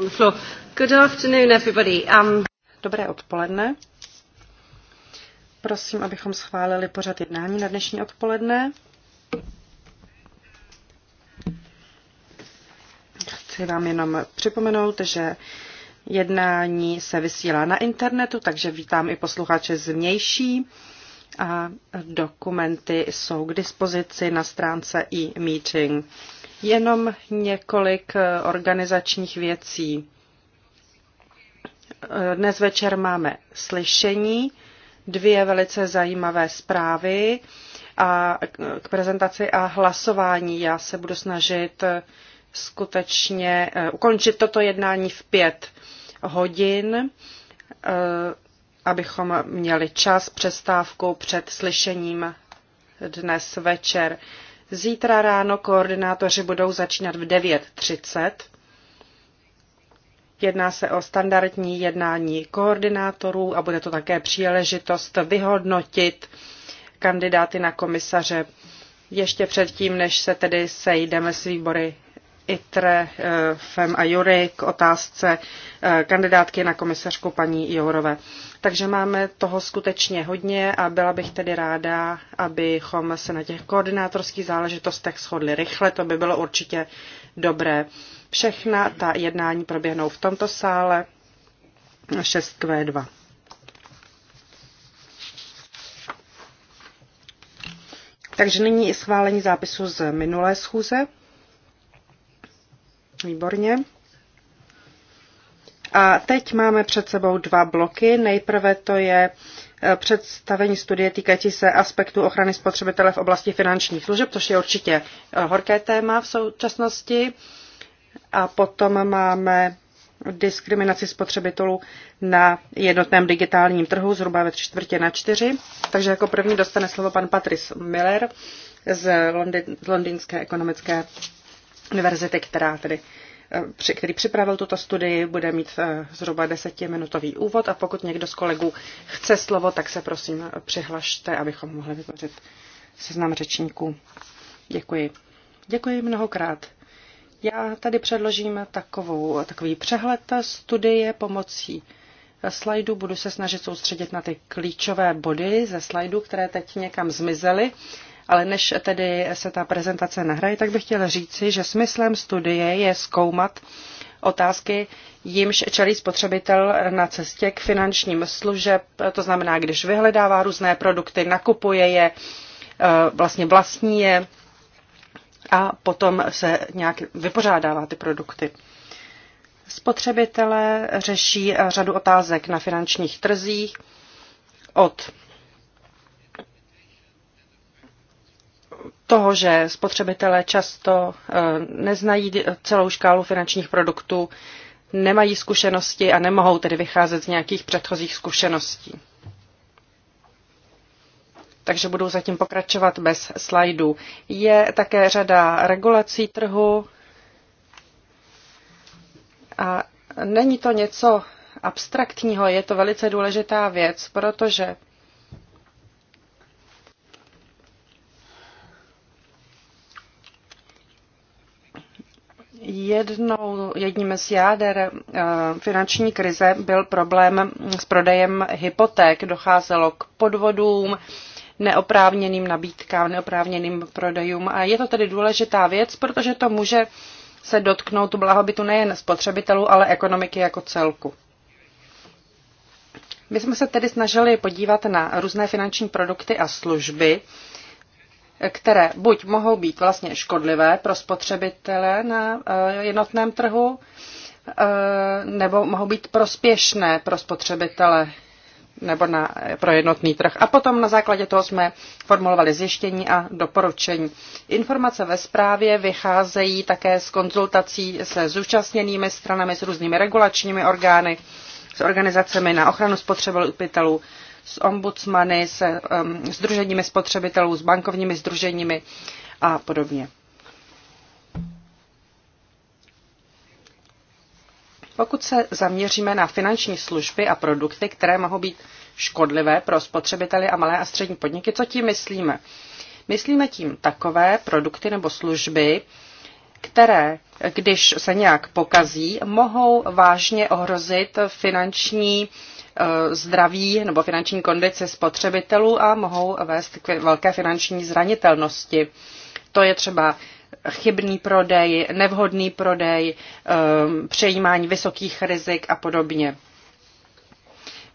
On the floor. Good afternoon, everybody. Um... Dobré odpoledne. Prosím, abychom schválili pořad jednání na dnešní odpoledne. Chci vám jenom připomenout, že jednání se vysílá na internetu, takže vítám i posluchače zvnější a dokumenty jsou k dispozici na stránce e-meeting. Jenom několik eh, organizačních věcí. Eh, dnes večer máme slyšení, dvě velice zajímavé zprávy a k prezentaci a hlasování. Já se budu snažit eh, skutečně ukončit toto jednání v pět hodin, abychom měli čas přestávkou před slyšením dnes večer. Zítra ráno koordinátoři budou začínat v 9.30. Jedná se o standardní jednání koordinátorů a bude to také příležitost vyhodnotit kandidáty na komisaře ještě předtím, než se tedy sejdeme s výbory ITRE, eh, FEM a JURY k otázce eh, kandidátky na komisařku paní Jourové. Takže máme toho skutečně hodně a byla bych tedy ráda, abychom se na těch koordinátorských záležitostech shodli rychle, to by bylo určitě dobré. Všechna ta jednání proběhnou v tomto sále 6Q2. Takže nyní schválení zápisu z minulé schůze. Výborně. A teď máme před sebou dva bloky. Nejprve to je e, představení studie týkající se aspektu ochrany spotřebitele v oblasti finančních služeb, což je určitě e, horké téma v současnosti. A potom máme diskriminaci spotřebitelů na jednotném digitálním trhu zhruba ve čtvrtě na čtyři. Takže jako první dostane slovo pan Patrice Miller z, Londýn, z Londýnské ekonomické univerzity, která tedy eh, který připravil tuto studii, bude mít eh, zhruba desetiminutový úvod a pokud někdo z kolegů chce slovo, tak se prosím eh, přihlašte, abychom mohli vytvořit seznam řečníků. Děkuji. Děkuji mnohokrát. Já tady předložím takovou, takový přehled studie pomocí slajdu. Budu se snažit soustředit na ty klíčové body ze slajdu, které teď někam zmizely. Ale než tedy se ta prezentace nahraje, tak bych chtěla říci, že smyslem studie je zkoumat otázky, jimž čelí spotřebitel na cestě k finančním služeb, to znamená, když vyhledává různé produkty, nakupuje je, e, vlastně vlastní je a potom se nějak vypořádává ty produkty. Spotřebitelé řeší řadu otázek na finančních trzích od toho, že spotřebitelé často eh, neznají celou škálu finančních produktů, nemají zkušenosti a nemohou tedy vycházet z nějakých předchozích zkušeností. Takže budu zatím pokračovat bez slajdů. Je také řada regulací trhu a není to něco abstraktního, je to velice důležitá věc, protože Jednou, jedním z jáder eh, finanční krize byl problém s prodejem hypoték. Docházelo k podvodům, neoprávněným nabídkám, neoprávněným prodejům. A je to tedy důležitá věc, protože to může se dotknout blahobytu nejen spotřebitelů, ale ekonomiky jako celku. My jsme se tedy snažili podívat na různé finanční produkty a služby, které buď mohou být vlastně škodlivé pro spotřebitele na eh, jednotném trhu, eh, nebo mohou být prospěšné pro spotřebitele nebo na, pro jednotný trh. A potom na základě toho jsme formulovali zjištění a doporučení. Informace ve zprávě vycházejí také z konzultací se zúčastněnými stranami, s různými regulačními orgány, s organizacemi na ochranu spotřebitelů, s ombudsmany, se um, združeními spotřebitelů, s bankovními združeními a podobně. Pokud se zaměříme na finanční služby a produkty, které mohou být škodlivé pro spotřebitele a malé a střední podniky, co tím myslíme? Myslíme tím takové produkty nebo služby, které, když se nějak pokazí, mohou vážně ohrozit finanční Eh, zdraví nebo finanční kondici spotřebitelů a mohou vést k velké finanční zranitelnosti. To je třeba chybný prodej, nevhodný prodej, eh, přejímání vysokých rizik a podobně.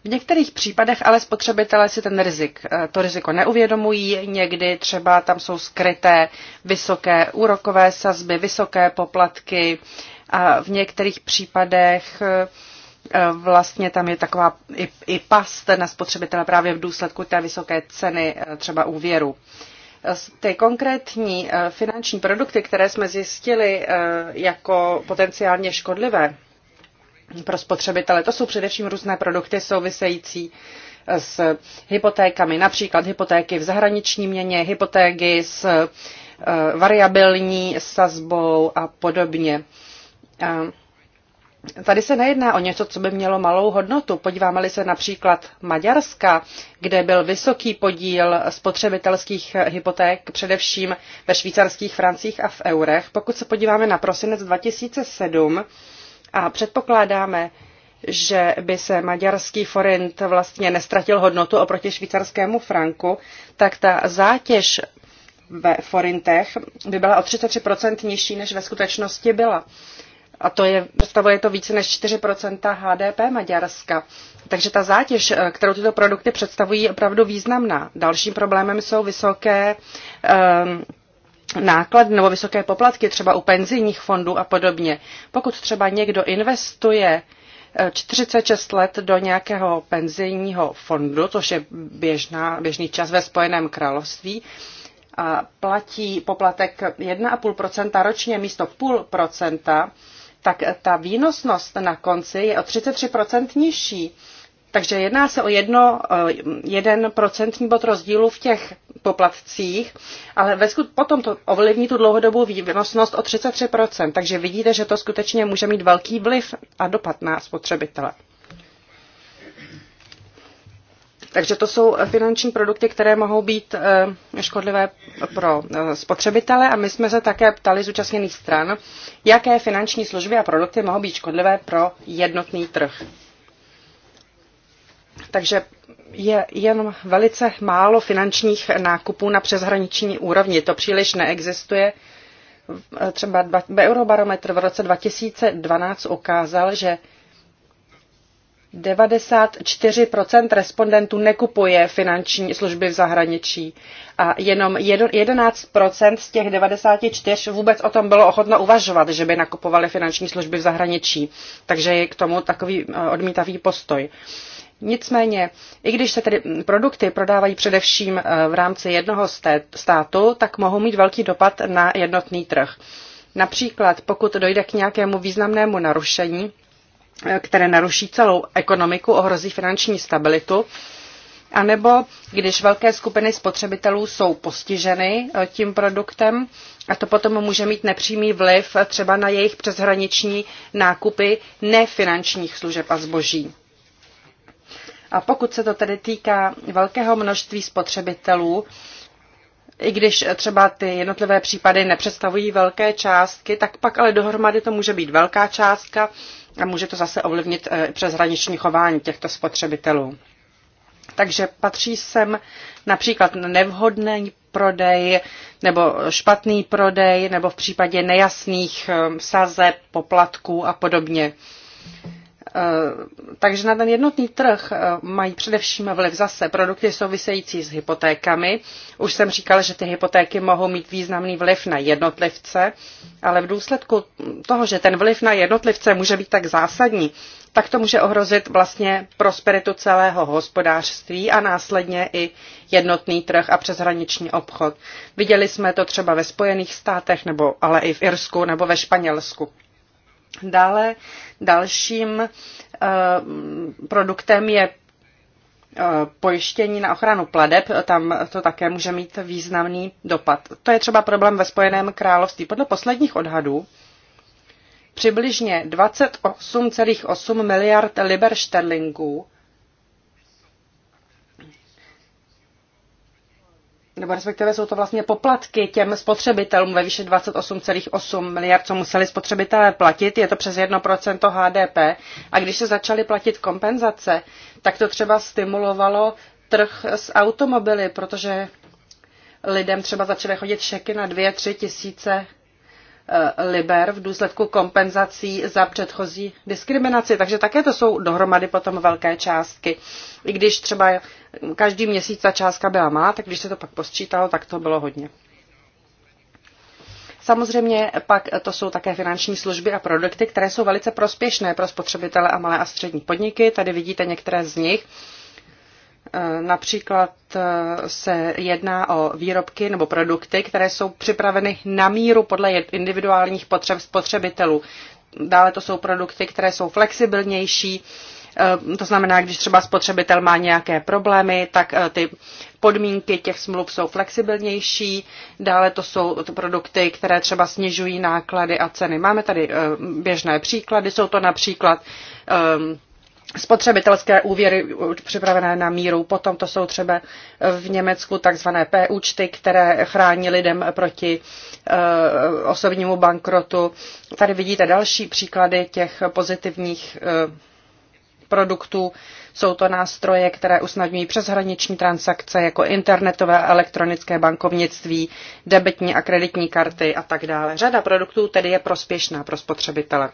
V některých případech ale spotřebitelé si ten rizik, eh, to riziko neuvědomují, někdy třeba tam jsou skryté vysoké úrokové sazby, vysoké poplatky a v některých případech E, vlastně tam je taková i, i past na spotřebitele právě v důsledku té vysoké ceny e, třeba úvěru. E, ty konkrétní finanční produkty, které jsme zjistili jako potenciálně škodlivé pro spotřebitele, to jsou především různé produkty související s hypotékami, například hypotéky v zahraniční měně, hypotéky s variabilní sazbou a podobně. Tady se nejedná o něco, co by mělo malou hodnotu. Podíváme-li se například Maďarska, kde byl vysoký podíl spotřebitelských hypoték, především ve švýcarských francích a v eurech. Pokud se podíváme na prosinec 2007 a předpokládáme, že by se maďarský forint vlastně nestratil hodnotu oproti švýcarskému franku, tak ta zátěž ve forintech by byla o 33% nižší, než ve skutečnosti byla a to je, představuje to více než 4% HDP Maďarska. Takže ta zátěž, eh, kterou tyto produkty představují, je opravdu významná. Dalším problémem jsou vysoké um, náklady nebo vysoké poplatky třeba u penzijních fondů a podobně. Pokud třeba někdo investuje 46 eh, let do nějakého penzijního fondu, což je běžná, běžný čas ve Spojeném království, a platí poplatek 1,5% ročně místo půl tak ta výnosnost na konci je o 33% nižší. Takže jedná se o jedno, eh, jeden procentní bod rozdílu v těch poplatcích, ale ve skut, potom to ovlivní tu dlouhodobou výnosnost o 33%. Takže vidíte, že to skutečně může mít velký vliv a dopad na spotřebitele. Takže to jsou finanční produkty, které mohou být eh, škodlivé pro eh, spotřebitele a my jsme se také ptali zúčastněných stran, jaké finanční služby a produkty mohou být škodlivé pro jednotný trh. Takže je jen velice málo finančních nákupů na přeshraniční úrovni. To příliš neexistuje. Eh, třeba Eurobarometr v roce 2012 ukázal, že 94% respondentů nekupuje finanční služby v zahraničí a jenom 11% z těch 94 vůbec o tom bylo ochotno uvažovat, že by nakupovali finanční služby v zahraničí. Takže je k tomu takový eh, odmítavý postoj. Nicméně, i když se tedy produkty prodávají především eh, v rámci jednoho státu, tak mohou mít velký dopad na jednotný trh. Například, pokud dojde k nějakému významnému narušení, které naruší celou ekonomiku, ohrozí finanční stabilitu, anebo když velké skupiny spotřebitelů jsou postiženy eh, tím produktem a to potom může mít nepřímý vliv třeba na jejich přeshraniční nákupy nefinančních služeb a zboží. A pokud se to tedy týká velkého množství spotřebitelů, i když třeba ty jednotlivé případy nepředstavují velké částky, tak pak ale dohromady to může být velká částka a může to zase ovlivnit eh, přeshraniční chování těchto spotřebitelů. Takže patří sem například nevhodný prodej nebo špatný prodej nebo v případě nejasných eh, sazeb, poplatků a podobně. Eh, takže na ten jednotný trh eh, mají především vliv zase produkty související s hypotékami. Už jsem říkala, že ty hypotéky mohou mít významný vliv na jednotlivce, ale v důsledku toho, že ten vliv na jednotlivce může být tak zásadní, tak to může ohrozit vlastně prosperitu celého hospodářství a následně i jednotný trh a přeshraniční obchod. Viděli jsme to třeba ve Spojených státech, nebo ale i v Irsku nebo ve Španělsku. Dále dalším eh, produktem je eh, pojištění na ochranu pladeb, tam to také může mít významný dopad. To je třeba problém ve Spojeném království. Podle posledních odhadů přibližně 28,8 miliard liber šterlingů nebo respektive jsou to vlastně poplatky těm spotřebitelům ve výši 28,8 miliard, co museli spotřebitelé platit, je to přes 1% HDP. A když se začaly platit kompenzace, tak to třeba stimulovalo trh s automobily, protože lidem třeba začaly chodit šeky na 2-3 tisíce Eh, liber v důsledku kompenzací za předchozí diskriminaci. Takže také to jsou dohromady potom velké částky. I když třeba každý měsíc ta částka byla má, tak když se to pak posčítalo, tak to bylo hodně. Samozřejmě pak to jsou také finanční služby a produkty, které jsou velice prospěšné pro spotřebitele a malé a střední podniky. Tady vidíte některé z nich. Eh, například eh, se jedná o výrobky nebo produkty, které jsou připraveny na míru podle individuálních potřeb spotřebitelů. Dále to jsou produkty, které jsou flexibilnější, eh, to znamená, když třeba spotřebitel má nějaké problémy, tak ty podmínky těch smluv jsou flexibilnější. Dále to jsou to produkty, které třeba snižují náklady a ceny. Máme tady běžné příklady, jsou to například ehm, spotřebitelské úvěry připravené na míru. Potom to jsou třeba v Německu takzvané P-účty, které chrání lidem proti eh, osobnímu bankrotu. Tady vidíte další příklady těch pozitivních eh, produktů. Jsou to nástroje, které usnadňují přeshraniční transakce jako internetové a elektronické bankovnictví, debetní a kreditní karty a tak dále. Řada produktů tedy je prospěšná pro spotřebitele.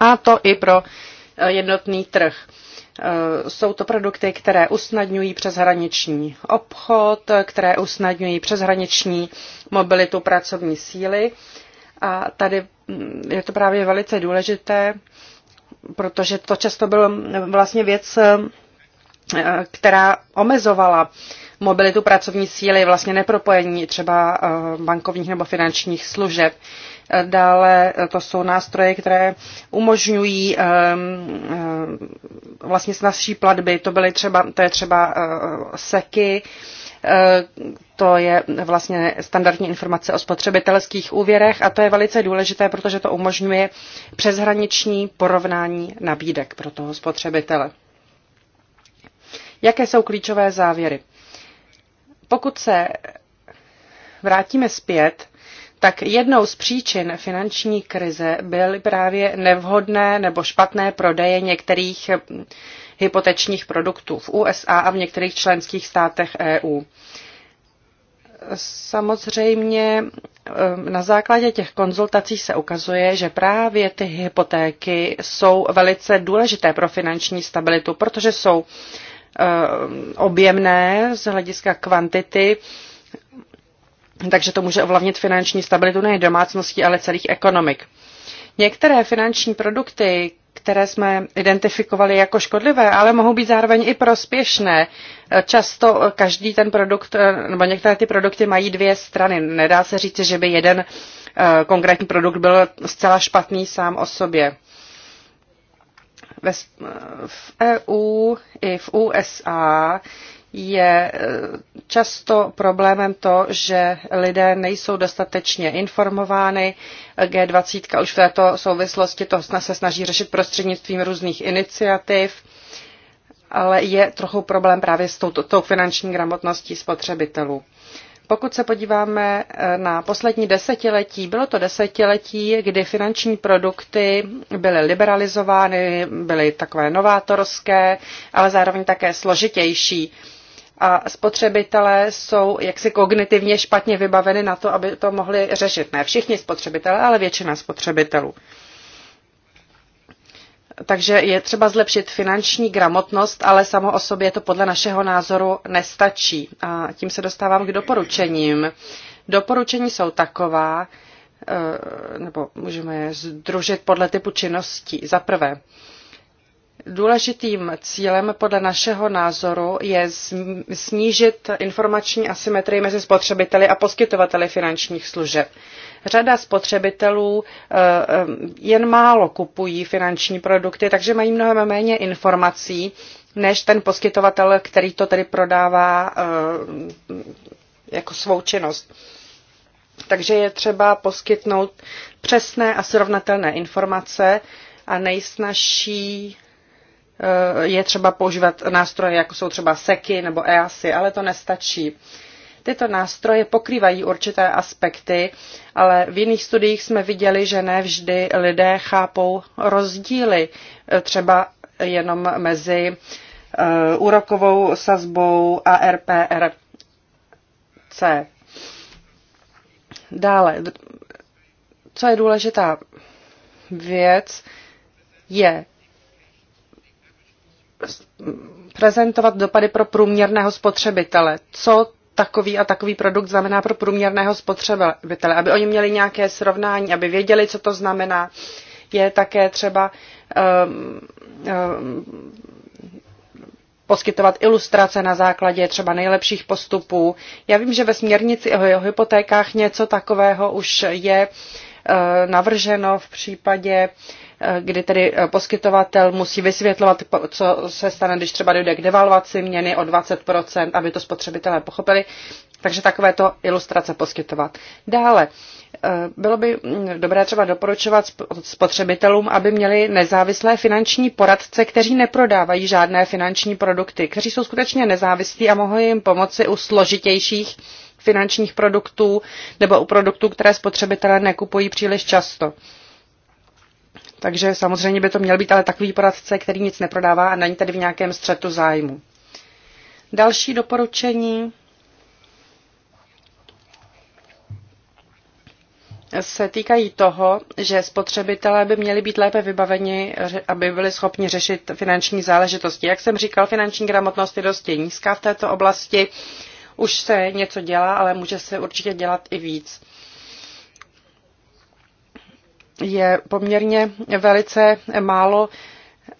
A to i pro Eh, jednotný trh. Eh, jsou to produkty, které usnadňují přeshraniční obchod, které usnadňují přeshraniční mobilitu pracovní síly. A tady mm, je to právě velice důležité, protože to často byl mm, vlastně věc, eh, která omezovala mobilitu pracovní síly, vlastně nepropojení třeba bankovních nebo finančních služeb. Dále eh, to jsou nástroje, které umožňují eh, eh, vlastně snazší platby. To, byly třeba, to je třeba seky, to je vlastně standardní informace o spotřebitelských úvěrech a to je velice důležité, protože to umožňuje přeshraniční porovnání nabídek pro toho spotřebitele. Jaké jsou klíčové závěry? Pokud se vrátíme zpět tak jednou z příčin finanční krize byly právě nevhodné nebo špatné prodeje některých hm, hypotečních produktů v USA a v některých členských státech EU. Samozřejmě hm, na základě těch konzultací se ukazuje, že právě ty hypotéky jsou velice důležité pro finanční stabilitu, protože jsou hm, objemné z hlediska kvantity takže to může ovlivnit finanční stabilitu nejen domácností, ale celých ekonomik. Některé finanční produkty, které jsme identifikovali jako škodlivé, ale mohou být zároveň i prospěšné. Často každý ten produkt, nebo některé ty produkty mají dvě strany. Nedá se říct, že by jeden eh, konkrétní produkt byl zcela špatný sám o sobě. V EU i v USA je eh, často problémem to, že lidé nejsou dostatečně informovány. G20 už v této souvislosti to se snaží řešit prostřednictvím různých iniciativ, ale je trochu problém právě s tou, tou finanční gramotností spotřebitelů. Pokud se podíváme eh, na poslední desetiletí, bylo to desetiletí, kdy finanční produkty byly liberalizovány, byly takové novátorské, ale zároveň také složitější a spotřebitelé jsou jaksi kognitivně špatně vybaveni na to, aby to mohli řešit. Ne všichni spotřebitelé, ale většina spotřebitelů. Takže je třeba zlepšit finanční gramotnost, ale samo o sobě to podle našeho názoru nestačí. A tím se dostávám k doporučením. Doporučení jsou taková, eh, nebo můžeme je združit podle typu činností. Za prvé, Důležitým cílem podle našeho názoru je snížit informační asymetrii mezi spotřebiteli a poskytovateli finančních služeb. Řada spotřebitelů eh, eh, jen málo kupují finanční produkty, takže mají mnohem méně informací než ten poskytovatel, který to tedy prodává eh, jako svou činnost. Takže je třeba poskytnout přesné a srovnatelné informace a nejsnažší Eh, je třeba používat nástroje, jako jsou třeba SEKy nebo EASY, ale to nestačí. Tyto nástroje pokrývají určité aspekty, ale v jiných studiích jsme viděli, že ne vždy lidé chápou rozdíly, eh, třeba jenom mezi eh, úrokovou sazbou a RPRC. Dále, co je důležitá věc, je prezentovat dopady pro průměrného spotřebitele. Co takový a takový produkt znamená pro průměrného spotřebitele, aby oni měli nějaké srovnání, aby věděli, co to znamená. Je také třeba um, um, poskytovat ilustrace na základě třeba nejlepších postupů. Já vím, že ve směrnici o hypotékách něco takového už je uh, navrženo v případě uh, Eh, kdy tedy eh, poskytovatel musí vysvětlovat, co se stane, když třeba dojde k devalvaci měny o 20%, aby to spotřebitelé pochopili. Takže takovéto ilustrace poskytovat. Dále, eh, bylo by mm, dobré třeba doporučovat spotřebitelům, aby měli nezávislé finanční poradce, kteří neprodávají žádné finanční produkty, kteří jsou skutečně nezávislí a mohou jim pomoci u složitějších finančních produktů nebo u produktů, které spotřebitelé nekupují příliš často. Takže samozřejmě by to měl být ale takový poradce, který nic neprodává a není tedy v nějakém střetu zájmu. Další doporučení se týkají toho, že spotřebitelé by měli být lépe vybaveni, aby byli schopni řešit finanční záležitosti. Jak jsem říkal, finanční gramotnost je dosti nízká v této oblasti. Už se něco dělá, ale může se určitě dělat i víc je poměrně velice málo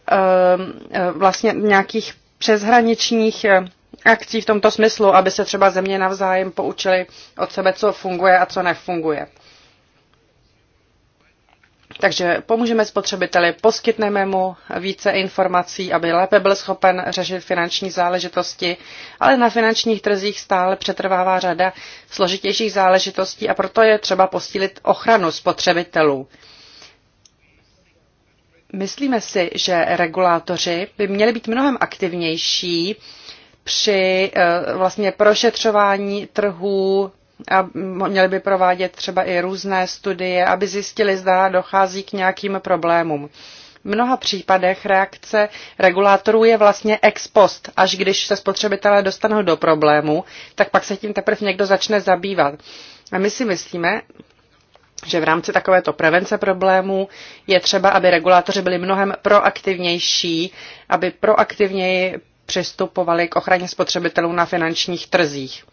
ehm, eh, vlastně nějakých přeshraničních eh, akcí v tomto smyslu, aby se třeba země navzájem poučili od sebe, co funguje a co nefunguje. Takže pomůžeme spotřebiteli, poskytneme mu více informací, aby lépe byl schopen řešit finanční záležitosti, ale na finančních trzích stále přetrvává řada složitějších záležitostí a proto je třeba posílit ochranu spotřebitelů. Myslíme si, že regulátoři by měli být mnohem aktivnější při eh, vlastně prošetřování trhů a měli by provádět třeba i různé studie, aby zjistili, zda dochází k nějakým problémům. V mnoha případech reakce regulátorů je vlastně ex post, až když se spotřebitelé dostanou do problému, tak pak se tím teprve někdo začne zabývat. A my si myslíme, že v rámci takovéto prevence problémů je třeba, aby regulátoři byli mnohem proaktivnější, aby proaktivněji přistupovali k ochraně spotřebitelů na finančních trzích.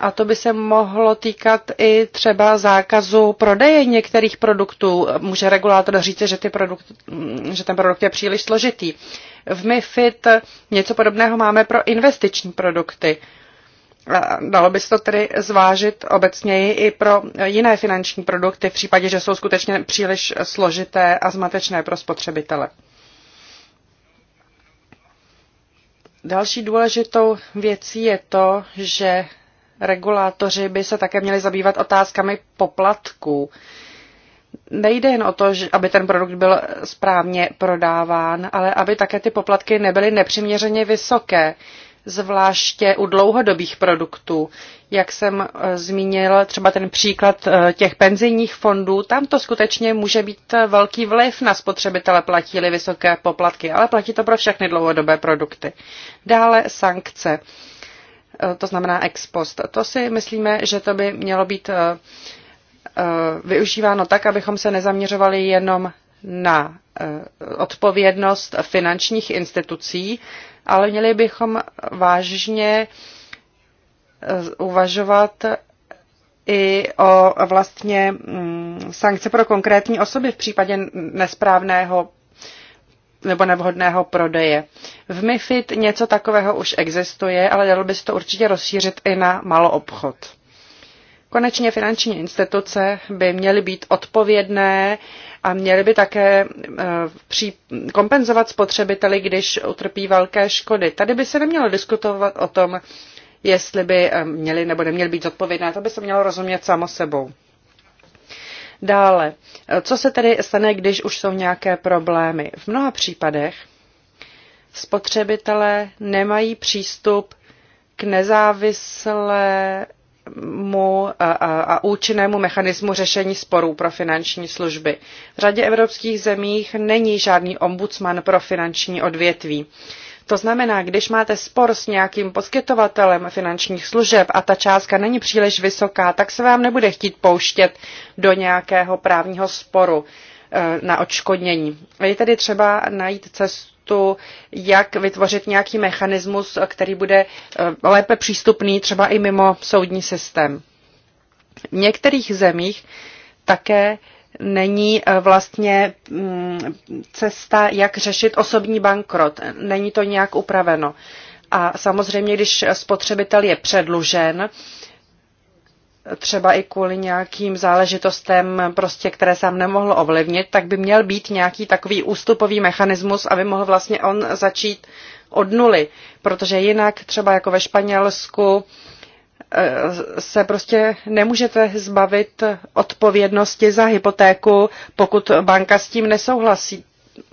A to by se mohlo týkat i třeba zákazu prodeje některých produktů. Může regulátor říct, že, ty produkt, že ten produkt je příliš složitý. V MIFID něco podobného máme pro investiční produkty. Dalo by se to tedy zvážit obecněji i pro jiné finanční produkty v případě, že jsou skutečně příliš složité a zmatečné pro spotřebitele. Další důležitou věcí je to, že regulátoři by se také měli zabývat otázkami poplatků. Nejde jen o to, aby ten produkt byl správně prodáván, ale aby také ty poplatky nebyly nepřiměřeně vysoké zvláště u dlouhodobých produktů. Jak jsem eh, zmínil třeba ten příklad eh, těch penzijních fondů, tam to skutečně může být eh, velký vliv na spotřebitele, platí vysoké poplatky, ale platí to pro všechny dlouhodobé produkty. Dále sankce, to znamená ex post. To si myslíme, že to by mělo být využíváno tak, abychom se nezaměřovali jenom na odpovědnost finančních institucí, ale měli bychom vážně eh, uvažovat i o vlastně mm, sankce pro konkrétní osoby v případě nesprávného nebo nevhodného prodeje. V MIFID něco takového už existuje, ale dalo by se to určitě rozšířit i na maloobchod. Konečně finanční instituce by měly být odpovědné a měly by také eh, kompenzovat spotřebiteli, když utrpí velké škody. Tady by se nemělo diskutovat o tom, jestli by eh, měly nebo neměly být odpovědné. To by se mělo rozumět samo sebou. Dále, eh, co se tedy stane, když už jsou nějaké problémy? V mnoha případech spotřebitelé nemají přístup k nezávislé mu a, a, účinnému mechanismu řešení sporů pro finanční služby. V řadě evropských zemích není žádný ombudsman pro finanční odvětví. To znamená, když máte spor s nějakým poskytovatelem finančních služeb a ta částka není příliš vysoká, tak se vám nebude chtít pouštět do nějakého právního sporu e, na odškodnění. Je tedy třeba najít cestu tu, jak vytvořit nějaký mechanismus, který bude eh, lépe přístupný třeba i mimo soudní systém. V některých zemích také není eh, vlastně mm, cesta, jak řešit osobní bankrot. Není to nějak upraveno. A samozřejmě, když spotřebitel je předlužen, třeba i kvůli nějakým záležitostem, prostě, které sám nemohl ovlivnit, tak by měl být nějaký takový ústupový mechanismus, aby mohl vlastně on začít od nuly. Protože jinak třeba jako ve Španělsku eh, se prostě nemůžete zbavit odpovědnosti za hypotéku, pokud banka s tím nesouhlasí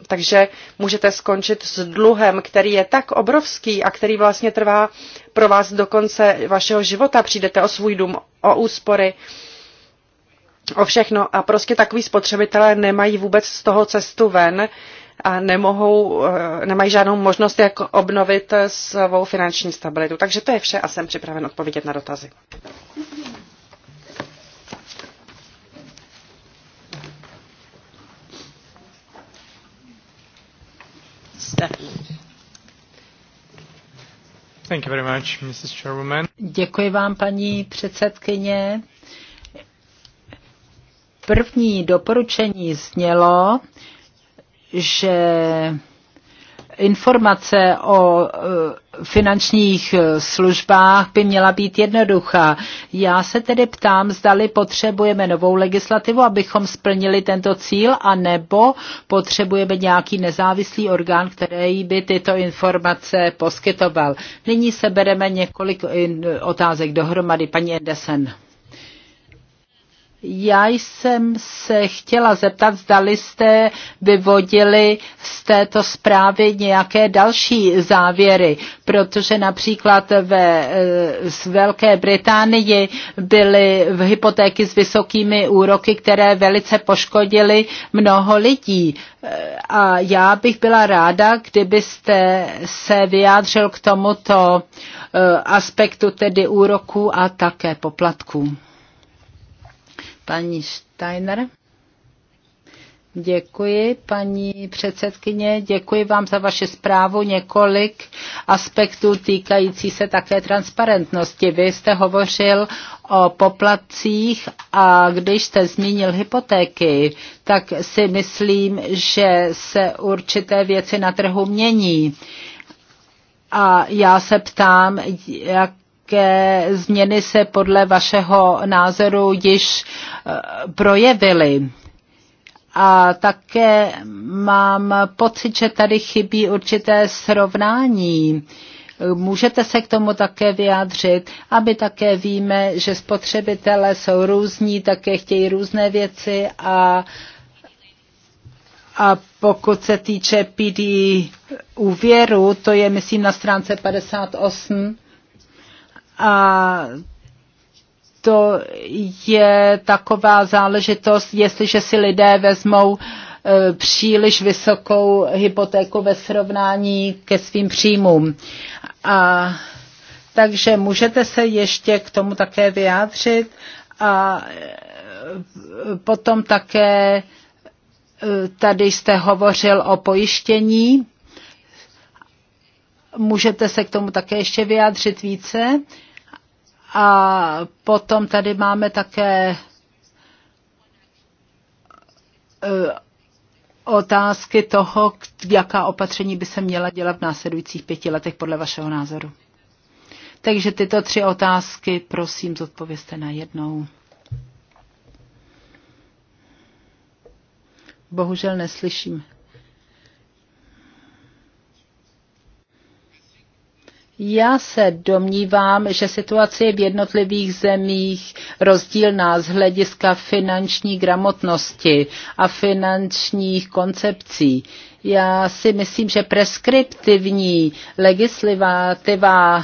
takže můžete skončit s dluhem, který je tak obrovský a který vlastně trvá pro vás do konce vašeho života. Přijdete o svůj dům, o úspory, o všechno a prostě takový spotřebitelé nemají vůbec z toho cestu ven a nemohou, eh, nemají žádnou možnost, jak obnovit svou finanční stabilitu. Takže to je vše a jsem připraven odpovědět na dotazy. Thank you very much, Mrs. Chairwoman. Děkuji vám, paní předsedkyně. První doporučení znělo, že informace o eh, finančních eh, službách by měla být jednoduchá. Já se tedy ptám, zdali potřebujeme novou legislativu, abychom splnili tento cíl, anebo potřebujeme nějaký nezávislý orgán, který by tyto informace poskytoval. Nyní se bereme několik otázek dohromady. Paní Endesen. Já jsem se chtěla zeptat, zdali jste vyvodili z této zprávy nějaké další závěry, protože například ve, eh, z Velké Británii byly v hypotéky s vysokými úroky, které velice poškodily mnoho lidí. Eh, a já bych byla ráda, kdybyste se vyjádřil k tomuto eh, aspektu tedy úroků a také poplatků. Paní Steiner. Děkuji, paní předsedkyně. Děkuji vám za vaši zprávu. Několik aspektů týkající se také transparentnosti. Vy jste hovořil o poplatcích a když jste zmínil hypotéky, tak si myslím, že se určité věci na trhu mění. A já se ptám, jak jaké změny se podle vašeho názoru již eh, projevily. A také mám pocit, že tady chybí určité srovnání. Můžete se k tomu také vyjádřit, aby také víme, že spotřebitelé jsou různí, také chtějí různé věci a, a pokud se týče PD úvěru, to je myslím na stránce 58, a to je taková záležitost, jestliže si lidé vezmou e, příliš vysokou hypotéku ve srovnání ke svým příjmům. A, takže můžete se ještě k tomu také vyjádřit a e, potom také e, tady jste hovořil o pojištění. Můžete se k tomu také ještě vyjádřit více? A potom tady máme také e, otázky toho, jaká opatření by se měla dělat v následujících pěti letech podle vašeho názoru. Takže tyto tři otázky, prosím, zodpovězte na jednou. Bohužel neslyším. Já se domnívám, že situace je v jednotlivých zemích rozdílná z hlediska finanční gramotnosti a finančních koncepcí. Já si myslím, že preskriptivní legislativa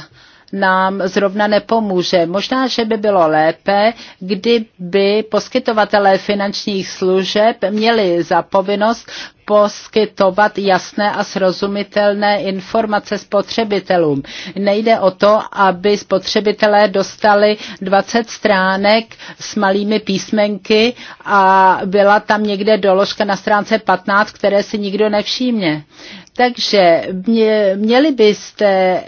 nám zrovna nepomůže. Možná, že by bylo lépe, kdyby poskytovatelé finančních služeb měli za povinnost poskytovat jasné a srozumitelné informace spotřebitelům. Nejde o to, aby spotřebitelé dostali 20 stránek s malými písmenky a byla tam někde doložka na stránce 15, které si nikdo nevšímne. Takže mě, měli byste, eh,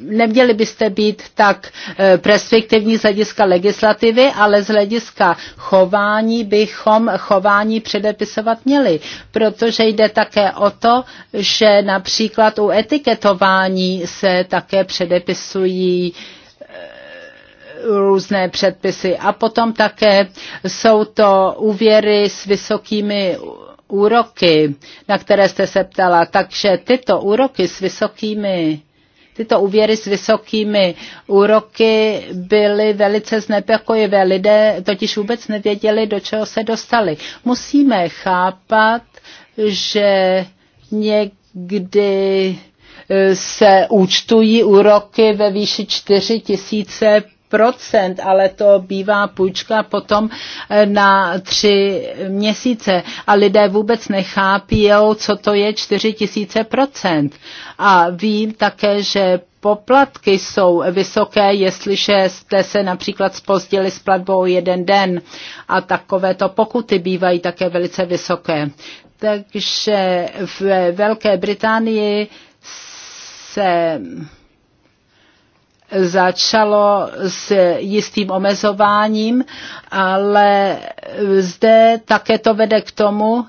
neměli byste být tak eh, perspektivní z hlediska legislativy, ale z hlediska chování bychom chování předepisovat měli, protože jde také o to, že například u etiketování se také předepisují eh, různé předpisy. A potom také jsou to úvěry s vysokými úroky, na které jste se ptala. Takže tyto úroky s vysokými tyto úvěry s vysokými úroky byly velice znepokojivé. Lidé totiž vůbec nevěděli, do čeho se dostali. Musíme chápat, že někdy eh, se účtují úroky ve výši 4 tisíce procent, ale to bývá půjčka potom eh, na tři měsíce a lidé vůbec nechápí, co to je 4 tisíce procent. A vím také, že poplatky jsou vysoké, jestliže jste se například spozdili s platbou jeden den a takovéto pokuty bývají také velice vysoké. Takže v Velké Británii se začalo s jistým omezováním, ale zde také to vede k tomu,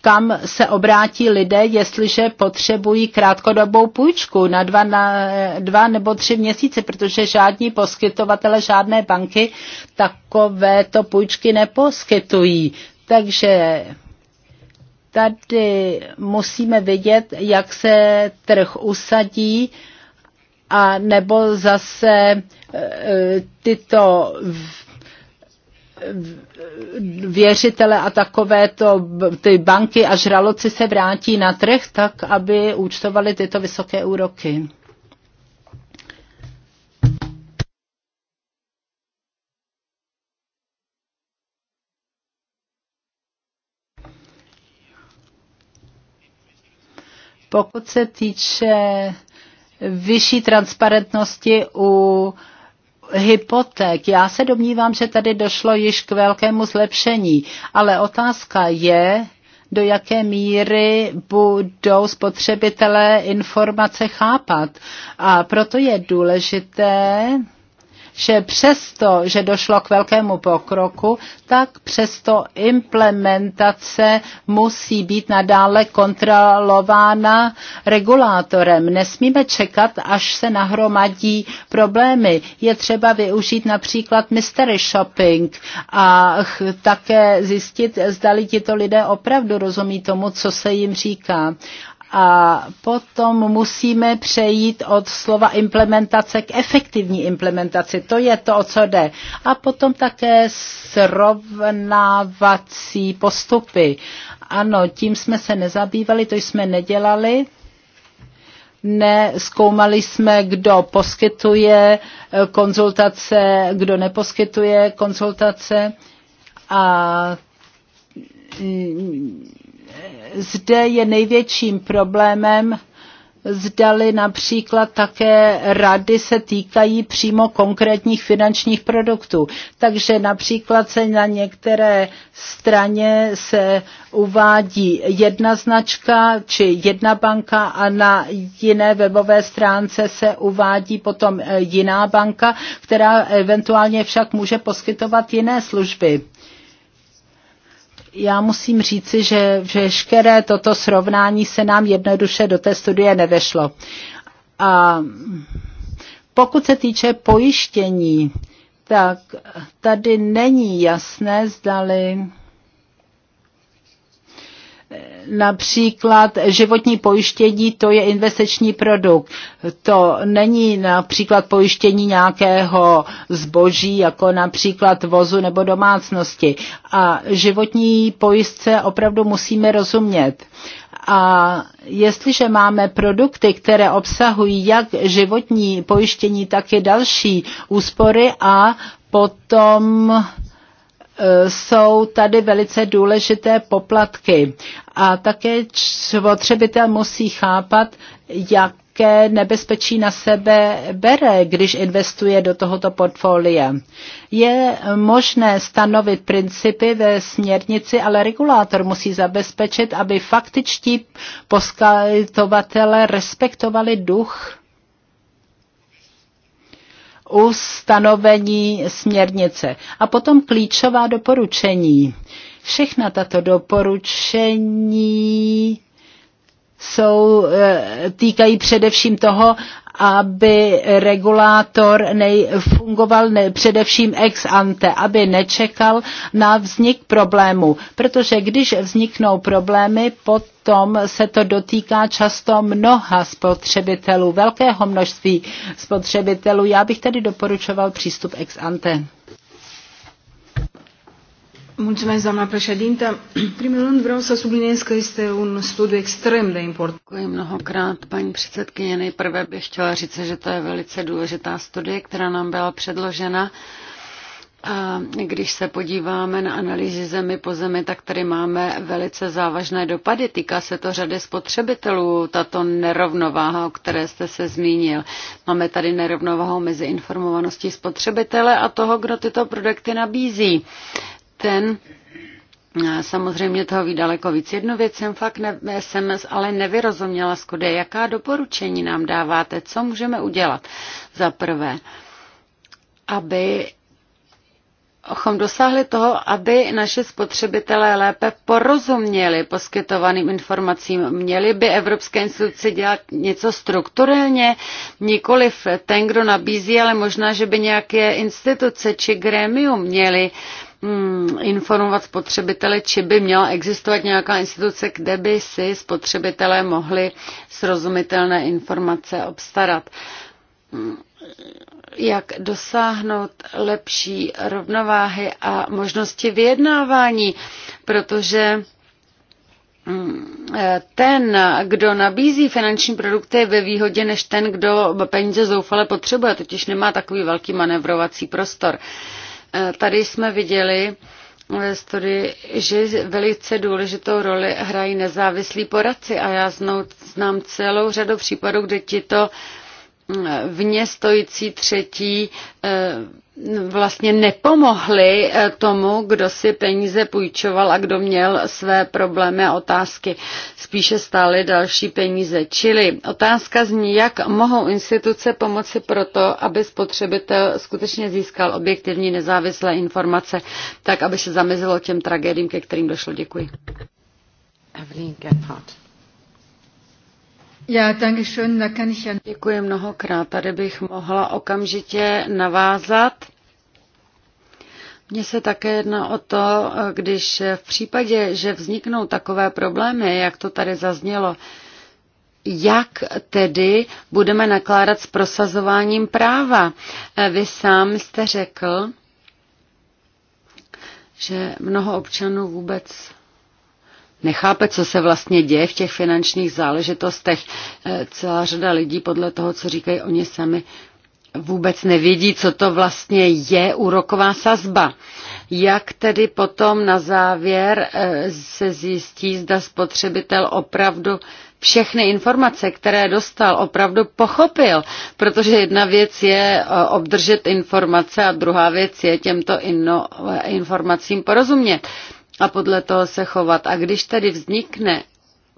kam se obrátí lidé, jestliže potřebují krátkodobou půjčku na dva, na dva nebo tři měsíce, protože žádní poskytovatele, žádné banky takovéto půjčky neposkytují. Takže tady musíme vidět, jak se trh usadí, uh, a nebo zase e, e, tyto věřitele a to, ty banky a žraloci se vrátí na trh tak, aby účtovali tyto vysoké úroky. Pokud se týče vyšší transparentnosti u hypoték. Já se domnívám, že tady došlo již k velkému zlepšení, ale otázka je, do jaké míry budou spotřebitelé informace chápat. A proto je důležité, že přesto, že došlo k velkému pokroku, tak přesto implementace musí být nadále kontrolována regulátorem. Nesmíme čekat, až se nahromadí problémy. Je třeba využít například mystery shopping a také zjistit, zda-li tito lidé opravdu rozumí tomu, co se jim říká. A potom musíme přejít od slova implementace k efektivní implementaci. To je to, o co jde. A potom také srovnávací postupy. Ano, tím jsme se nezabývali, to jsme nedělali neskoumali jsme, kdo poskytuje eh, konzultace, kdo neposkytuje konzultace a mm, zde je největším problémem, zdali například také rady se týkají přímo konkrétních finančních produktů. Takže například se na některé straně se uvádí jedna značka či jedna banka a na jiné webové stránce se uvádí potom eh, jiná banka, která eventuálně však může poskytovat jiné služby já musím říci, že veškeré toto srovnání se nám jednoduše do té studie nevešlo. A pokud se týče pojištění, tak tady není jasné, zdali například životní pojištění, to je investiční produkt. To není například pojištění nějakého zboží, jako například vozu nebo domácnosti. A životní pojistce opravdu musíme rozumět. A jestliže máme produkty, které obsahují jak životní pojištění, tak i další úspory a potom Eh, jsou tady velice důležité poplatky a také spotřebitel musí chápat, jaké nebezpečí na sebe bere, když investuje do tohoto portfolia. Je možné stanovit principy ve směrnici, ale regulátor musí zabezpečit, aby faktičtí poskytovatele respektovali duch ustanovení směrnice. A potom klíčová doporučení. Všechna tato doporučení jsou, eh, týkají především toho, aby regulátor fungoval především ex ante, aby nečekal na vznik problému. Protože když vzniknou problémy, potom se to dotýká často mnoha spotřebitelů, velkého množství spotřebitelů. Já bych tedy doporučoval přístup ex ante. Mulțumesc, doamna președintă. În primul rând vreau să subliniez că este un studiu extrem de important. Děkuji mnohokrát, paní předsedkyně. Nejprve bych chtěla říct, že to je velice důležitá studie, která nám byla předložena. A když se podíváme na analýzy zemi po zemi, tak tady máme velice závažné dopady. Týká se to řady spotřebitelů, tato nerovnováha, o které jste se zmínil. Máme tady nerovnováhu mezi informovaností spotřebitele a toho, kdo tyto produkty nabízí ten samozřejmě toho ví daleko víc. Jednu věc jsem fakt ne, SMS, ale nevyrozuměla, Skude, jaká doporučení nám dáváte, co můžeme udělat za prvé, aby Ochom dosáhli toho, aby naše spotřebitelé lépe porozuměli poskytovaným informacím. Měli by evropské instituce dělat něco strukturálně, nikoliv ten, kdo nabízí, ale možná, že by nějaké instituce či grémium měli uh, Mm, informovat spotřebitele, či by měla existovat nějaká instituce, kde by si spotřebitelé mohli srozumitelné informace obstarat. Mm, jak dosáhnout lepší rovnováhy a možnosti vyjednávání, protože mm, eh, ten, kdo nabízí finanční produkty, je ve výhodě než ten, kdo peníze zoufale potřebuje, totiž nemá takový velký manevrovací prostor. Eh, tady jsme viděli studii, eh, že velice důležitou roli hrají nezávislí poradci a já znám celou řadu případů, kde tito mm, vně stojící třetí eh, vlastně nepomohly eh, tomu, kdo si peníze půjčoval a kdo měl své problémy a otázky. Spíše stály další peníze. Čili otázka zní, jak mohou instituce pomoci proto, aby spotřebitel skutečně získal objektivní nezávislé informace, tak aby se zamezilo těm tragédiím, ke kterým došlo. Děkuji. Evelyn Gephardt. Já schön, da kann ich ja... Děkuji mnohokrát. Tady bych mohla okamžitě navázat. Mně se také jedná o to, když v případě, že vzniknou takové problémy, jak to tady zaznělo, jak tedy budeme nakládat s prosazováním práva. Vy sám jste řekl, že mnoho občanů vůbec nechápe, co se vlastně děje v těch finančních záležitostech. Eh, celá řada lidí podle toho, co říkají oni sami, vůbec nevědí, co to vlastně je úroková sazba. Jak tedy potom na závěr eh, se zjistí, zda spotřebitel opravdu všechny informace, které dostal, opravdu pochopil, protože jedna věc je eh, obdržet informace a druhá věc je těmto informacím porozumět a podle toho se chovat. A když tedy vznikne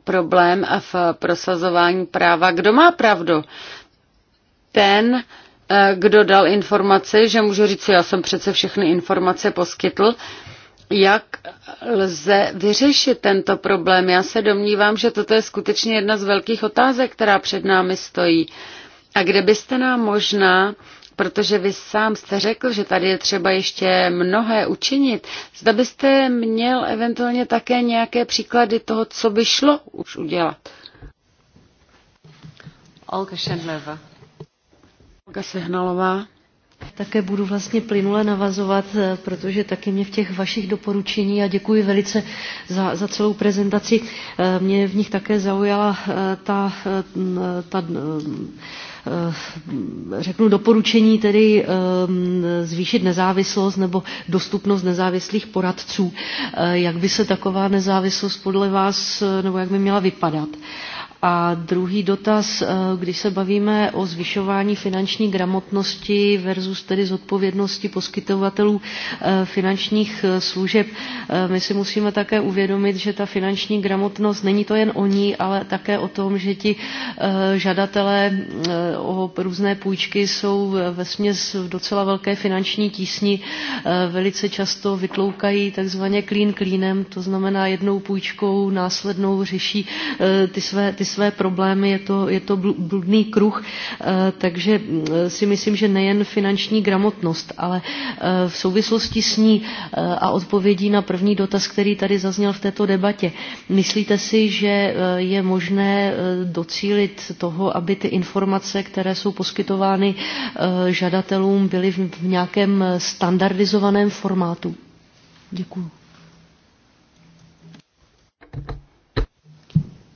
problém a v prosazování práva, kdo má pravdu? Ten, eh, kdo dal informace, že může říct, já jsem přece všechny informace poskytl, jak lze vyřešit tento problém? Já se domnívám, že toto je skutečně jedna z velkých otázek, která před námi stojí. Uh, a kde byste nám možná, protože vy sám jste řekl, že tady je třeba ještě mnohé učinit, zda byste měl eventuálně také nějaké příklady toho, co by šlo už udělat. Olga Šendleva. Olga Sehnalová. Také budu vlastně plynule navazovat, eh, protože taky mě v těch vašich doporučení a děkuji velice za, za celou prezentaci. Eh, mě v nich také zaujala eh, ta, ta Eh, řeknu, doporučení tedy ehm, zvýšit nezávislost nebo dostupnost nezávislých poradců. Eh, jak by se taková nezávislost podle vás, eh, nebo jak by měla vypadat? A druhý dotaz, eh, když se bavíme o zvyšování finanční gramotnosti versus tedy zodpovědnosti poskytovatelů eh, finančních eh, služeb, my si musíme také uvědomit, že ta finanční gramotnost není to jen o ní, ale také o tom, že ti žadatelé o různé půjčky jsou ve směs v docela velké finanční tísni, velice často vytloukají takzvaně clean cleanem, to znamená jednou půjčkou následnou řeší ty své, ty své problémy, je to, je to bludný kruh, eh, takže eh, si myslím, že nejen finanční gramotnost, ale eh, v souvislosti s ní a odpovědí na první dotaz, který tady zazněl v této debatě. Myslíte si, že je možné docílit toho, aby ty informace, které jsou poskytovány žadatelům, byly v nějakém standardizovaném formátu? Děkuji.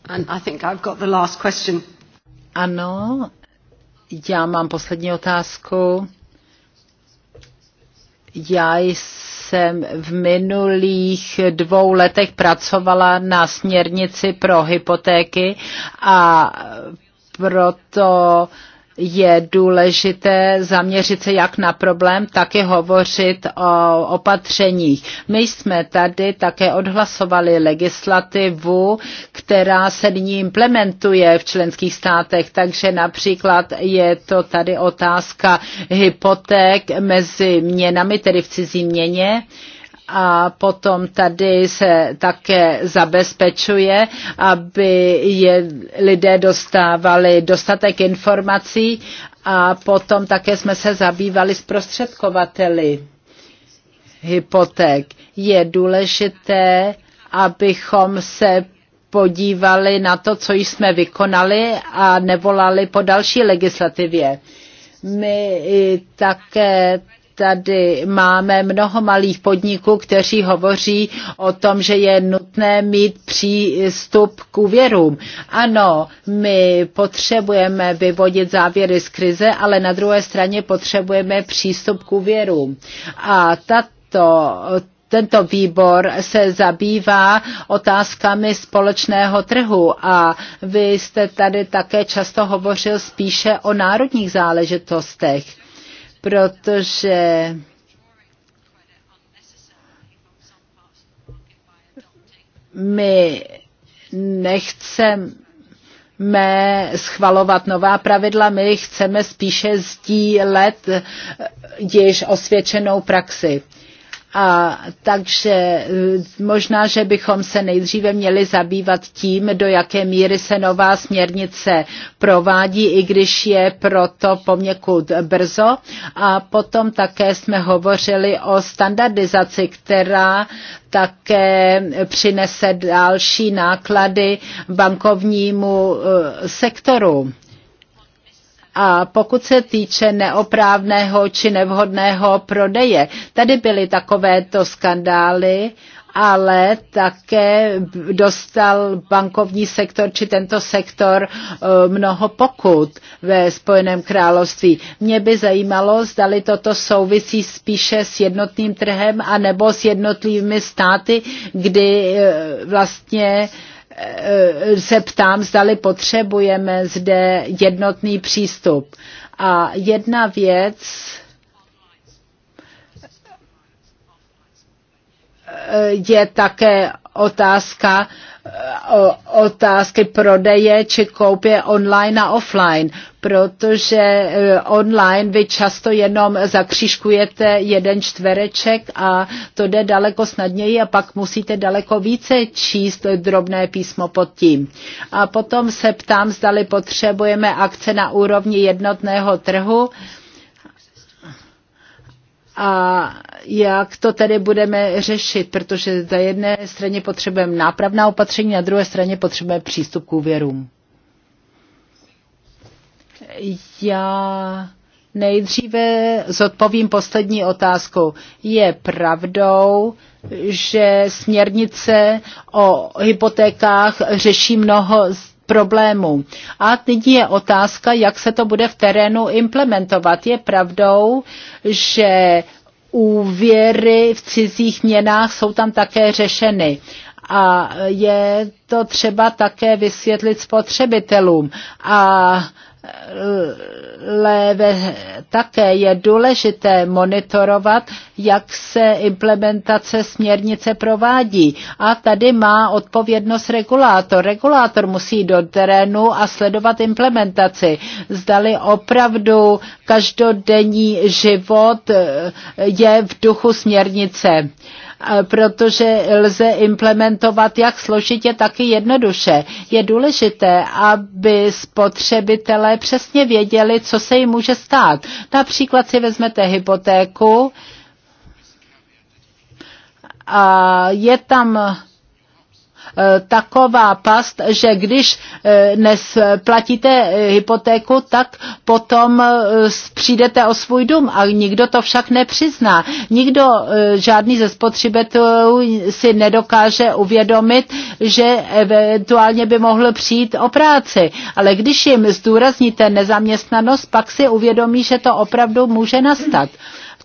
I think I've got the last question. Ano, já mám poslední otázku. Já jsem v minulých dvou letech pracovala na směrnici pro hypotéky a proto uh, je důležité zaměřit se jak na problém, tak i hovořit o opatřeních. My jsme tady také odhlasovali legislativu, která se nyní implementuje v členských státech, takže například je to tady otázka hypoték mezi měnami, tedy v cizí měně a potom tady se také zabezpečuje, aby je lidé dostávali dostatek informací a potom také jsme se zabývali zprostředkovateli hypoték. Je důležité, abychom se podívali na to, co jsme vykonali a nevolali po další legislativě. My také tady máme mnoho malých podniků, kteří hovoří o tom, že je nutné mít přístup k úvěrům. Ano, my potřebujeme vyvodit závěry z krize, ale na druhé straně potřebujeme přístup k úvěrům. A tato, tento výbor se zabývá otázkami společného trhu a vy jste tady také často hovořil spíše o národních záležitostech protože my nechceme schvalovat nová pravidla, my chceme spíše sdílet již osvědčenou praxi. A takže eh, možná, že bychom se nejdříve měli zabývat tím, do jaké míry se nová směrnice provádí, i když je proto poměkud brzo. A potom také jsme hovořili o standardizaci, která také přinese další náklady bankovnímu eh, sektoru. A pokud se týče neoprávného či nevhodného prodeje, tady byly takovéto skandály, ale také dostal bankovní sektor či tento sektor e, mnoho pokut ve Spojeném království. Mě by zajímalo, zdali toto souvisí spíše s jednotným trhem anebo s jednotlivými státy, kdy e, vlastně Eh, se ptám, zdali potřebujeme zde jednotný přístup. A jedna věc, eh, je také otázka otázky prodeje či koupě online a offline, protože e, online vy často jenom zakřížkujete jeden čtvereček a to jde daleko snadněji a pak musíte daleko více číst drobné písmo pod tím. A potom se ptám, zdali potřebujeme akce na úrovni jednotného trhu a jak to tedy budeme řešit, protože za jedné straně potřebujeme nápravná opatření, na druhé straně potřebujeme přístup k úvěrům. Já nejdříve zodpovím poslední otázku. Je pravdou, že směrnice o hypotékách řeší mnoho z problémů. A teď je otázka, jak se to bude v terénu implementovat. Je pravdou, že úvěry v cizích měnách jsou tam také řešeny. A je to třeba také vysvětlit spotřebitelům. A léve také je důležité monitorovat, jak se implementace směrnice provádí. A tady má odpovědnost regulátor. Regulátor musí do terénu a sledovat implementaci. Zdali opravdu každodenní život eh, je v duchu směrnice protože lze implementovat jak složitě, tak i jednoduše. Je důležité, aby spotřebitelé přesně věděli, co se jim může stát. Například si vezmete hypotéku a je tam Eh, taková past, že když eh, nesplatíte eh, hypotéku, tak potom přijdete o svůj dům a nikdo to však nepřizná. Nikdo, žádný ze spotřebitelů si nedokáže uvědomit, že eventuálně by mohl přijít o práci. Ale když jim zdůrazníte nezaměstnanost, pak si uvědomí, že to opravdu může nastat.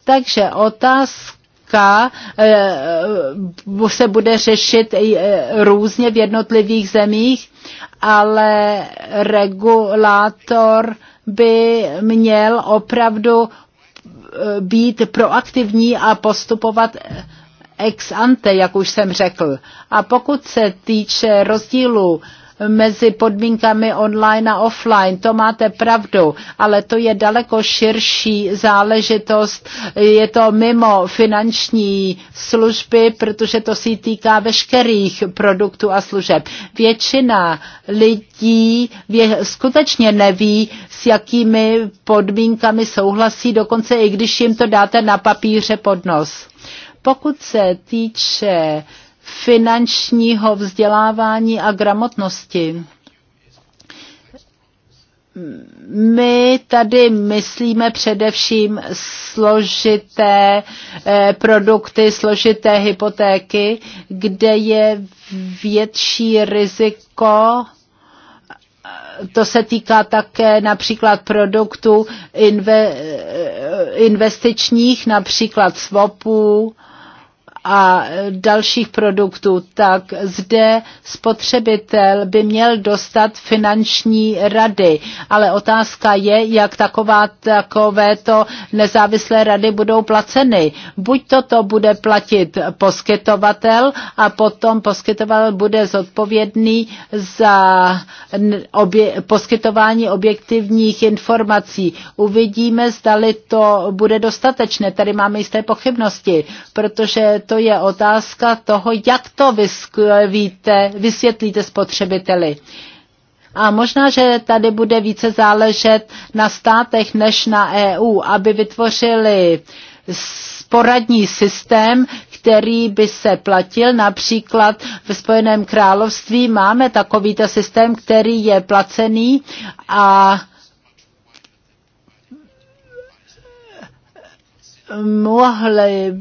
Takže otázka rizika eh, se bude řešit eh, různě v jednotlivých zemích, ale regulátor by měl opravdu eh, být proaktivní a postupovat ex ante, jak už jsem řekl. A pokud se týče rozdílu mezi podmínkami online a offline. To máte pravdu, ale to je daleko širší záležitost. Je to mimo finanční služby, protože to si týká veškerých produktů a služeb. Většina lidí vě- skutečně neví, s jakými podmínkami souhlasí, dokonce i když jim to dáte na papíře pod nos. Pokud se týče finančního vzdělávání a gramotnosti. My tady myslíme především složité eh, produkty, složité hypotéky, kde je větší riziko to se týká také například produktů eh, investičních, například swapů a dalších produktů, tak zde spotřebitel by měl dostat finanční rady. Ale otázka je, jak taková, takovéto nezávislé rady budou placeny. Buď toto bude platit poskytovatel a potom poskytovatel bude zodpovědný za obje, poskytování objektivních informací. Uvidíme, zdali to bude dostatečné. Tady máme jisté pochybnosti, protože to je otázka toho, jak to vysvětlíte, vysvětlíte spotřebiteli. A možná, že tady bude více záležet na státech než na EU, aby vytvořili poradní systém, který by se platil. Například ve Spojeném království máme takovýto systém, který je placený a mohli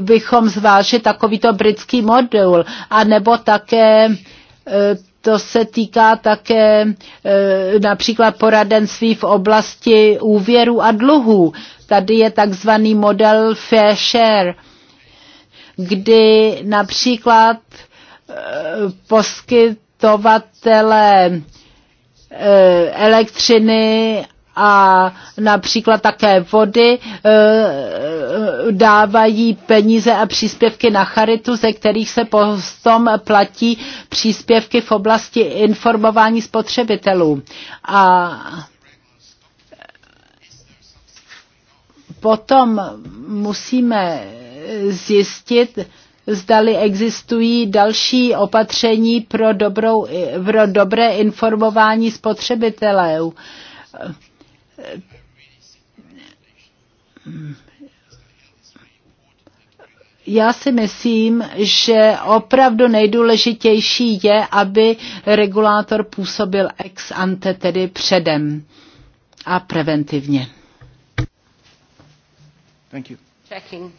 bychom zvážit takovýto britský modul, a nebo také e, to se týká také e, například poradenství v oblasti úvěru a dluhů. Tady je takzvaný model fair share, kdy například e, poskytovatelé elektřiny a například také vody eh, eh, dávají peníze a příspěvky na charitu, ze kterých se potom platí příspěvky v oblasti informování spotřebitelů. A potom musíme zjistit, zdali existují další opatření pro, dobrou, pro dobré informování spotřebitelů já si myslím, že opravdu nejdůležitější je, aby regulátor působil ex ante, tedy předem a preventivně. Thank you. Checking.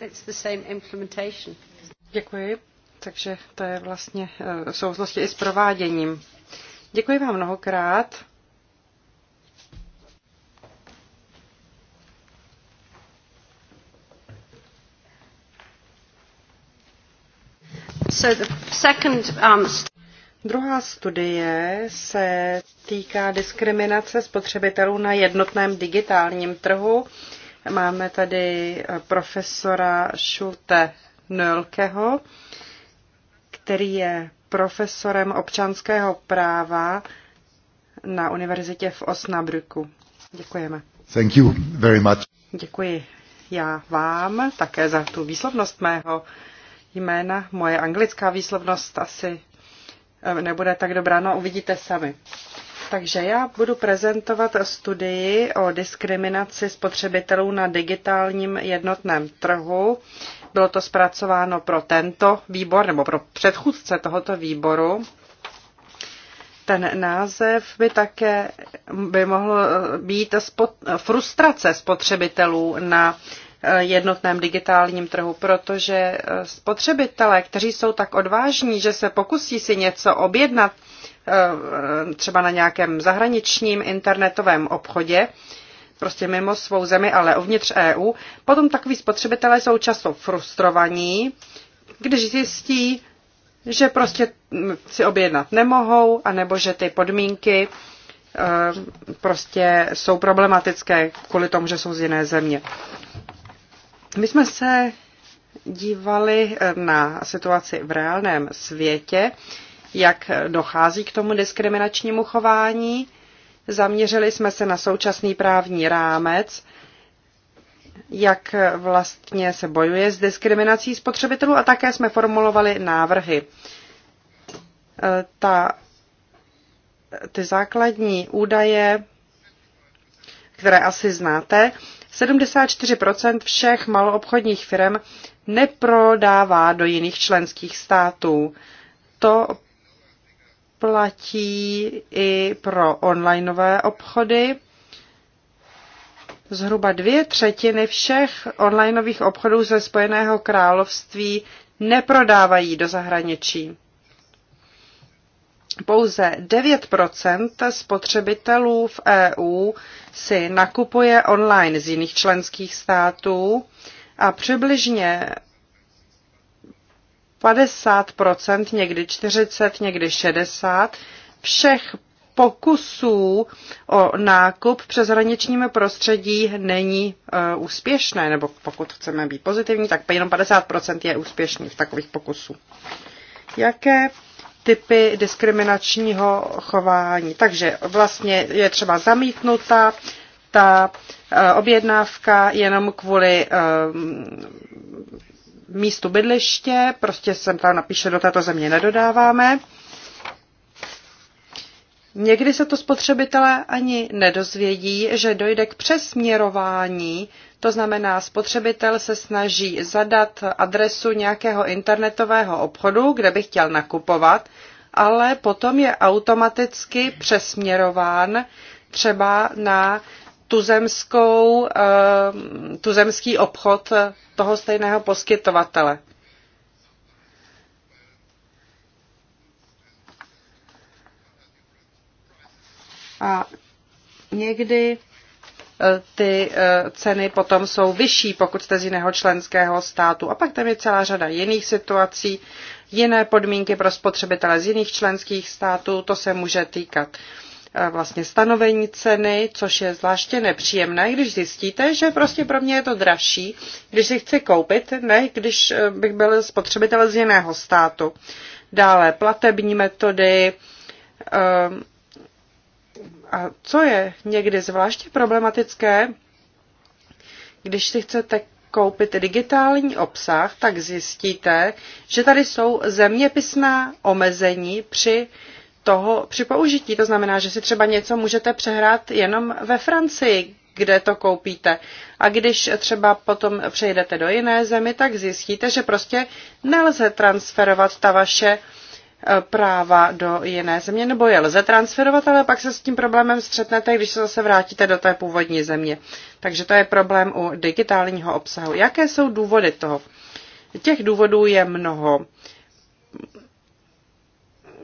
It's the same implementation. Děkuji. Takže to je vlastně eh, v souvislosti i s prováděním. Děkuji vám mnohokrát. So the second, um... Druhá studie se týká diskriminace spotřebitelů na jednotném digitálním trhu. Máme tady eh, profesora Schulte Nölkeho, který je profesorem občanského práva na univerzitě v Osnabrücku. Děkujeme. Thank you very much. Děkuji já vám také za tu výslovnost mého jména. Moje anglická výslovnost asi eh, nebude tak dobrá, no uvidíte sami. Takže já budu prezentovat studii o diskriminaci spotřebitelů na digitálním jednotném trhu. Bylo to zpracováno pro tento výbor nebo pro předchůdce tohoto výboru. Ten název by také by mohl eh, být spot, frustrace spotřebitelů na Eh, jednotném digitálním trhu, protože eh, spotřebitelé, kteří jsou tak odvážní, že se pokusí si něco objednat eh, třeba na nějakém zahraničním internetovém obchodě, prostě mimo svou zemi, ale uvnitř EU, potom takový spotřebitelé jsou často frustrovaní, když zjistí, že prostě si objednat nemohou, anebo že ty podmínky prostě jsou problematické kvůli tomu, že jsou z jiné země. My jsme se dívali eh, na situaci v reálném světě, jak dochází k tomu diskriminačnímu chování. Zaměřili jsme se na současný právní rámec, jak vlastně se bojuje s diskriminací spotřebitelů a také jsme formulovali návrhy. Eh, ta, ty základní údaje, které asi znáte, 74% všech maloobchodních firm neprodává do jiných členských států. To platí i pro onlineové obchody. Zhruba dvě třetiny všech onlineových obchodů ze Spojeného království neprodávají do zahraničí. Pouze 9 spotřebitelů v EU si nakupuje online z jiných členských států a přibližně 50%, někdy 40, někdy 60 všech pokusů o nákup přes hraničním prostředí není e, úspěšné, nebo pokud chceme být pozitivní, tak jenom 50% je úspěšný v takových pokusů. Jaké typy diskriminačního chování. Takže vlastně je třeba zamítnuta ta e, objednávka jenom kvůli e, místu bydliště, prostě jsem tam napíše, do této země nedodáváme. Někdy se to spotřebitelé ani nedozvědí, že dojde k přesměrování to znamená, spotřebitel se snaží zadat adresu nějakého internetového obchodu, kde by chtěl nakupovat, ale potom je automaticky přesměrován třeba na tuzemskou, eh, tuzemský obchod toho stejného poskytovatele. A někdy Eh, ty eh, ceny potom jsou vyšší, pokud jste z jiného členského státu. A pak tam je celá řada jiných situací, jiné podmínky pro spotřebitele z jiných členských států, to se může týkat eh, vlastně stanovení ceny, což je zvláště nepříjemné, když zjistíte, že prostě pro mě je to dražší, když si chci koupit, ne když bych byl spotřebitel z jiného státu. Dále platební metody, a co je někdy zvláště problematické, když si chcete koupit digitální obsah, tak zjistíte, že tady jsou zeměpisná omezení při toho při použití. To znamená, že si třeba něco můžete přehrát jenom ve Francii, kde to koupíte. A když třeba potom přejdete do jiné zemi, tak zjistíte, že prostě nelze transferovat ta vaše uh, Eh, práva do jiné země, nebo je lze transferovat, ale pak se s tím problémem střetnete, když se zase vrátíte do té původní země. Takže to je problém u digitálního obsahu. Jaké jsou důvody toho? Těch důvodů je mnoho.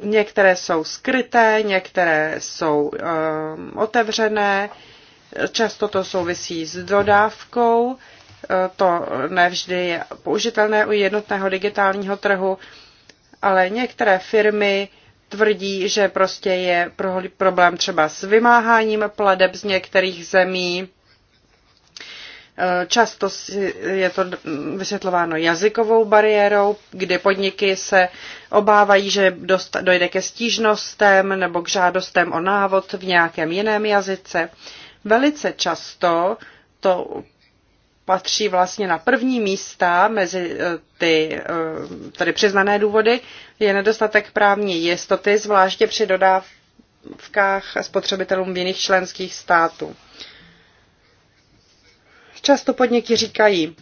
Některé jsou skryté, některé jsou um, otevřené, často to souvisí s dodávkou, eh, to nevždy je použitelné u jednotného digitálního trhu ale některé firmy tvrdí, že prostě je problém třeba s vymáháním pladeb z některých zemí. Eh, často je to vysvětlováno jazykovou bariérou, kdy podniky se obávají, že dojde ke stížnostem nebo k žádostem o návod v nějakém jiném jazyce. Velice často to patří vlastně na první místa mezi eh, ty eh, tady přiznané důvody, je nedostatek právní jistoty, zvláště při dodávkách spotřebitelům v jiných členských států. Často podniky říkají,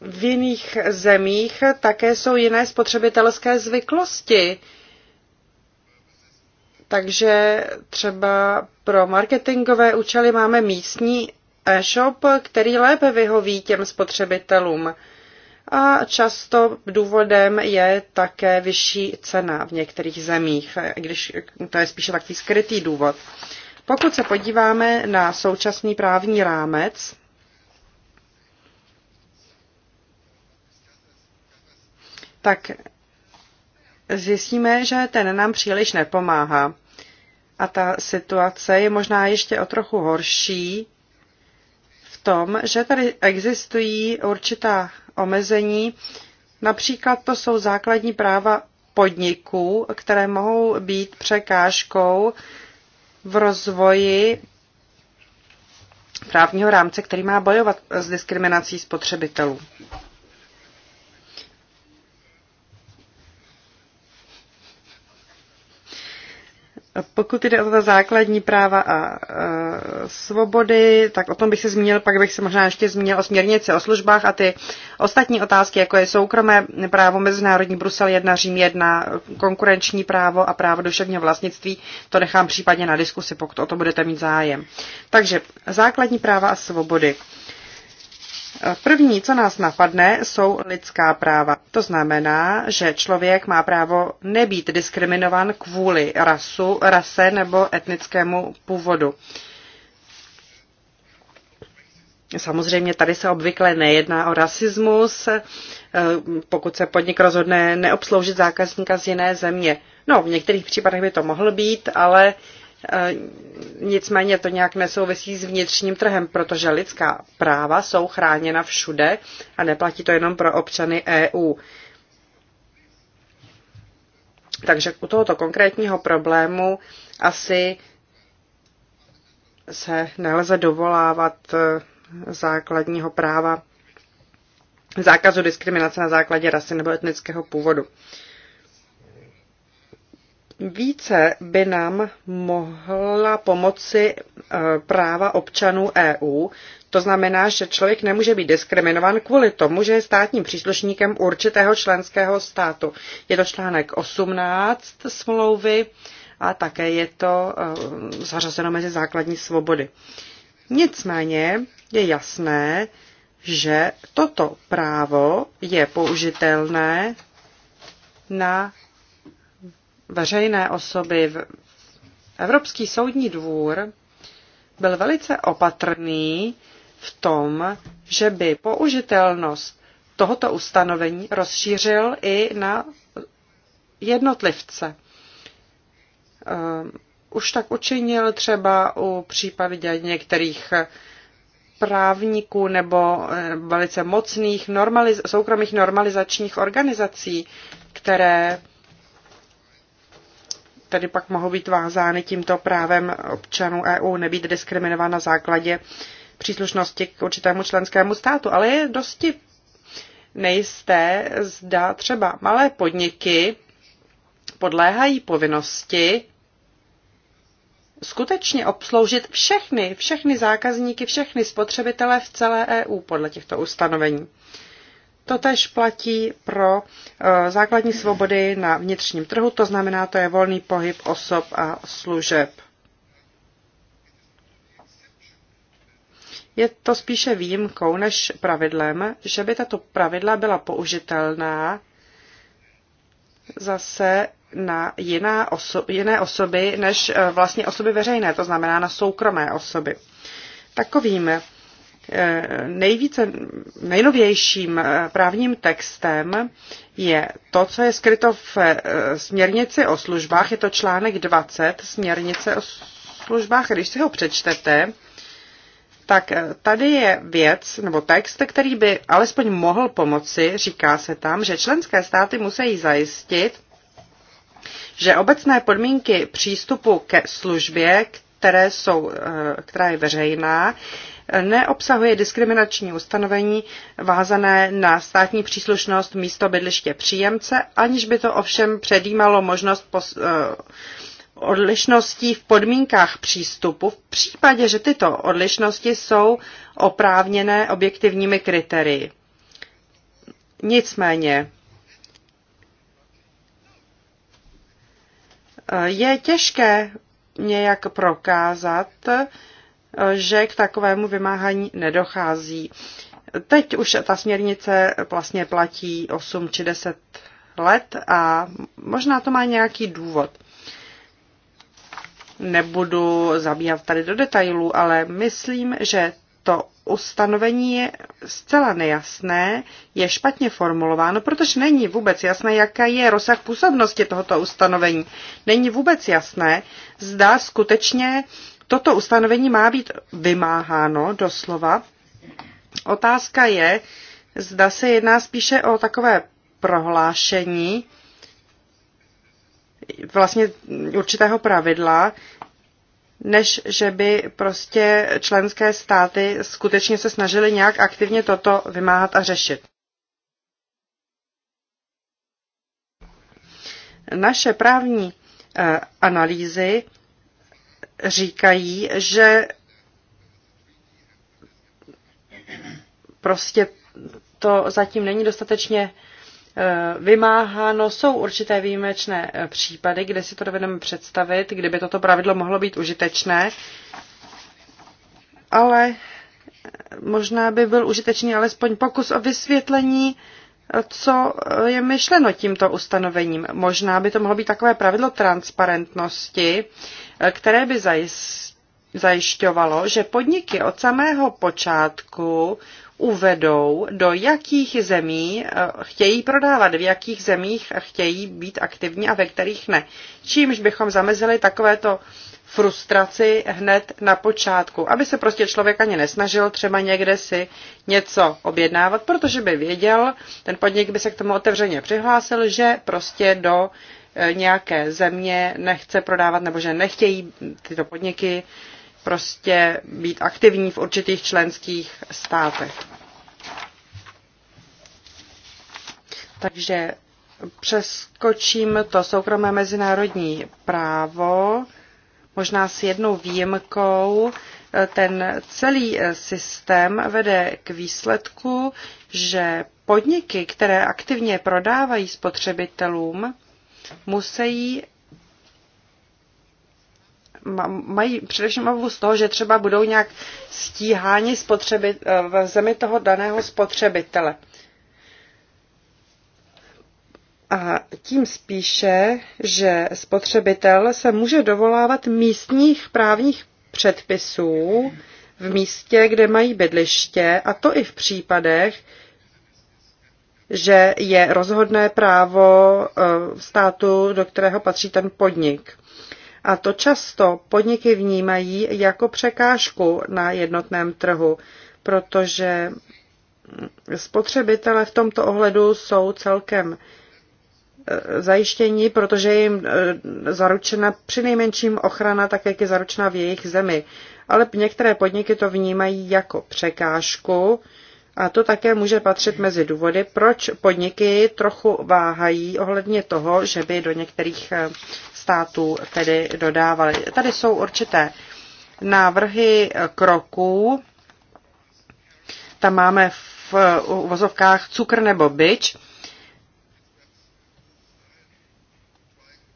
v jiných zemích také jsou jiné spotřebitelské zvyklosti. Takže třeba pro marketingové účely máme místní e-shop, který lépe vyhoví těm spotřebitelům. A často důvodem je také vyšší cena v některých zemích, když to je spíše takový skrytý důvod. Pokud se podíváme na současný právní rámec, tak zjistíme, že ten nám příliš nepomáhá. A ta situace je možná ještě o trochu horší v tom, že tady existují určitá omezení. Například to jsou základní práva podniků, které mohou být překážkou v rozvoji právního rámce, který má bojovat s diskriminací spotřebitelů. Pokud jde o ta základní práva a e, svobody, tak o tom bych se zmínil, pak bych se možná ještě zmínil o směrnici o službách a ty ostatní otázky, jako je soukromé právo, mezinárodní Brusel 1, Řím 1, konkurenční právo a právo duševního vlastnictví, to nechám případně na diskusi, pokud o to budete mít zájem. Takže základní práva a svobody. První, co nás napadne, jsou lidská práva. To znamená, že člověk má právo nebýt diskriminován kvůli rasu, rase nebo etnickému původu. Samozřejmě tady se obvykle nejedná o rasismus, eh, pokud se podnik rozhodne neobsloužit zákazníka z jiné země. No, v některých případech by to mohl být, ale uh, E, nicméně to nějak nesouvisí s vnitřním trhem, protože lidská práva jsou chráněna všude a neplatí to jenom pro občany EU. Takže u tohoto konkrétního problému asi se nelze dovolávat e, základního práva zákazu diskriminace na základě rasy nebo etnického původu. Více by nám mohla pomoci e, práva občanů EU. To znamená, že člověk nemůže být diskriminován kvůli tomu, že je státním příslušníkem určitého členského státu. Je to článek 18 smlouvy a také je to e, zařazeno mezi základní svobody. Nicméně je jasné, že toto právo je použitelné na veřejné osoby. Evropský soudní dvůr byl velice opatrný v tom, že by použitelnost tohoto ustanovení rozšířil i na jednotlivce. Ehm, už tak učinil třeba u případě některých právníků nebo ehm, velice mocných normaliz- soukromých normalizačních organizací, které tedy pak mohou být vázány tímto právem občanů EU nebýt diskriminován na základě příslušnosti k určitému členskému státu. Ale je dosti nejisté, zda třeba malé podniky podléhají povinnosti skutečně obsloužit všechny, všechny zákazníky, všechny spotřebitele v celé EU podle těchto ustanovení. Totež platí pro eh, základní svobody na vnitřním trhu, to znamená, to je volný pohyb osob a služeb. Je to spíše výjimkou než pravidlem, že by tato pravidla byla použitelná zase na jiná oso- jiné osoby než eh, vlastně osoby veřejné, to znamená na soukromé osoby. Takovým Eh, nejvíce, nejnovějším eh, právním textem je to, co je skryto v eh, směrnici o službách. Je to článek 20 směrnice o službách. Když si ho přečtete, tak tady je věc nebo text, který by alespoň mohl pomoci. Říká se tam, že členské státy musí zajistit, že obecné podmínky přístupu ke službě, které jsou, eh, která je veřejná, neobsahuje diskriminační ustanovení vázané na státní příslušnost místo bydliště příjemce, aniž by to ovšem předjímalo možnost pos, eh, odlišností v podmínkách přístupu v případě, že tyto odlišnosti jsou oprávněné objektivními kritérii. Nicméně eh, je těžké nějak prokázat, že k takovému vymáhání nedochází. Teď už ta směrnice vlastně platí 8 či 10 let a možná to má nějaký důvod. Nebudu zabíhat tady do detailů, ale myslím, že to ustanovení je zcela nejasné, je špatně formulováno, protože není vůbec jasné, jaká je rozsah působnosti tohoto ustanovení. Není vůbec jasné, zda skutečně toto ustanovení má být vymáháno doslova. Otázka je, zda se jedná spíše o takové prohlášení, vlastně určitého pravidla, než že by prostě členské státy skutečně se snažily nějak aktivně toto vymáhat a řešit. Naše právní eh, analýzy říkají, že prostě to zatím není dostatečně Eh, vymáháno. Jsou určité výjimečné eh, případy, kde si to dovedeme představit, kdyby toto pravidlo mohlo být užitečné, ale eh, možná by byl užitečný alespoň pokus o vysvětlení, co je myšleno tímto ustanovením. Možná by to mohlo být takové pravidlo transparentnosti, které by zajistilo, zajišťovalo, že podniky od samého počátku uvedou, do jakých zemí eh, chtějí prodávat, v jakých zemích chtějí být aktivní a ve kterých ne. Čímž bychom zamezili takovéto frustraci hned na počátku, aby se prostě člověk ani nesnažil třeba někde si něco objednávat, protože by věděl, ten podnik by se k tomu otevřeně přihlásil, že prostě do eh, nějaké země nechce prodávat nebo že nechtějí tyto podniky prostě být aktivní v určitých členských státech. Takže přeskočím to soukromé mezinárodní právo, možná s jednou výjimkou. Ten celý systém vede k výsledku, že podniky, které aktivně prodávají spotřebitelům, musí mají především obavu z toho, že třeba budou nějak stíháni spotřebit, eh, v zemi toho daného spotřebitele. A tím spíše, že spotřebitel se může dovolávat místních právních předpisů v místě, kde mají bydliště, a to i v případech, že je rozhodné právo eh, státu, do kterého patří ten podnik a to často podniky vnímají jako překážku na jednotném trhu, protože spotřebitele v tomto ohledu jsou celkem eh, zajištění, protože je jim eh, zaručena přinejmenším ochrana, tak jak je zaručena v jejich zemi. Ale některé podniky to vnímají jako překážku, a to také může patřit mezi důvody, proč podniky trochu váhají ohledně toho, že by do některých eh, států tedy dodávaly. Tady jsou určité návrhy eh, kroků. Tam máme v eh, vozovkách cukr nebo byč.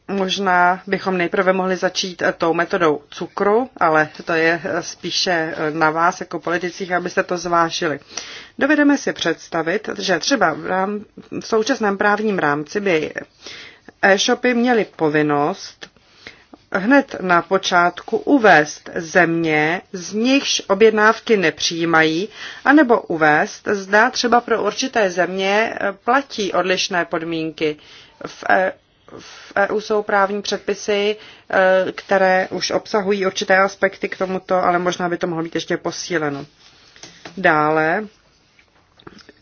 Možná bychom nejprve mohli začít tou metodou cukru, ale to je spíše na vás jako politicích, abyste to zvážili. Dovedeme si představit, že třeba v, rám, v současném právním rámci by e-shopy měly povinnost hned na počátku uvést země, z nichž objednávky nepřijímají, anebo uvést, zda třeba pro určité země e, platí odlišné podmínky. V, e, v EU jsou právní předpisy, e, které už obsahují určité aspekty k tomuto, ale možná by to mohlo být ještě posíleno. Dále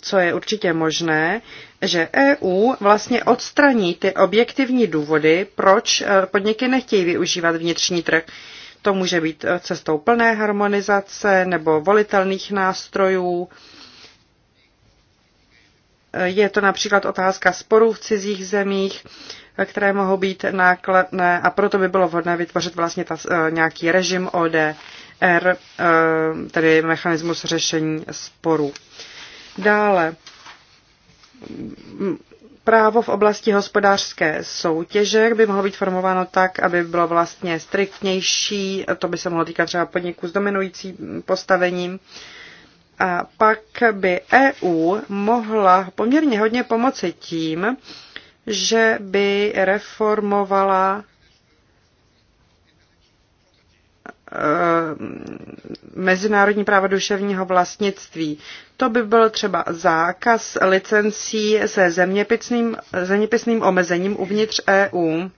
co je určitě možné, že EU vlastně odstraní ty objektivní důvody, proč eh, podniky nechtějí využívat vnitřní trh. To může být eh, cestou plné harmonizace nebo volitelných nástrojů. Eh, je to například otázka sporů v cizích zemích, které mohou být nákladné a proto by bylo vhodné vytvořit vlastně ta, nějaký režim ODR, tedy mechanismus řešení sporů. Dále právo v oblasti hospodářské soutěže by mohlo být formováno tak, aby bylo vlastně striktnější, to by se mohlo týkat třeba podniků s dominujícím postavením. A pak by EU mohla poměrně hodně pomoci tím, že by reformovala Eh, mezinárodní práva duševního vlastnictví. To by byl třeba zákaz licencí se zeměpisným, zeměpisným omezením uvnitř EU.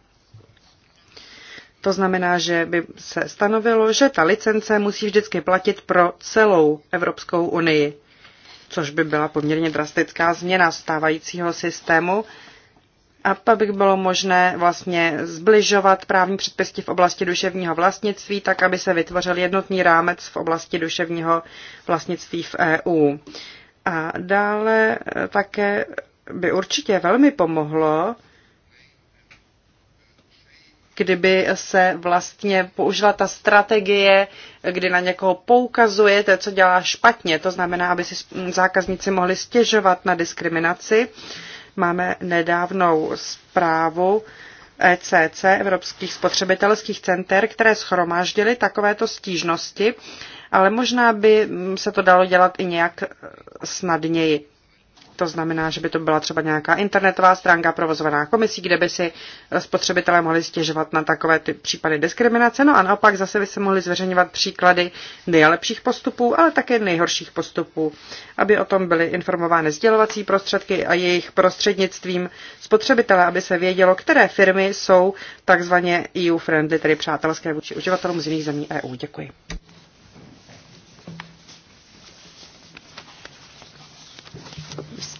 To znamená, že by se stanovilo, že ta licence musí vždycky platit pro celou Evropskou unii, což by byla poměrně drastická změna stávajícího systému a pak by bylo možné vlastně zbližovat právní předpisy v oblasti duševního vlastnictví, tak aby se vytvořil jednotný rámec v oblasti duševního vlastnictví v EU. A dále eh, také by určitě velmi pomohlo, kdyby se vlastně použila ta strategie, kdy na někoho poukazujete, co dělá špatně. To znamená, aby si zákazníci mohli stěžovat na diskriminaci Máme nedávnou zprávu ECC, Evropských spotřebitelských center, které schromáždily takovéto stížnosti, ale možná by se to dalo dělat i nějak snadněji. To znamená, že by to byla třeba nějaká internetová stránka provozovaná komisí, kde by si spotřebitelé mohli stěžovat na takové ty případy diskriminace. No a naopak zase by se mohli zveřejňovat příklady nejlepších postupů, ale také nejhorších postupů, aby o tom byly informovány sdělovací prostředky a jejich prostřednictvím spotřebitele, aby se vědělo, které firmy jsou takzvaně EU-friendly, tedy přátelské vůči uživatelům z jiných zemí EU. Děkuji.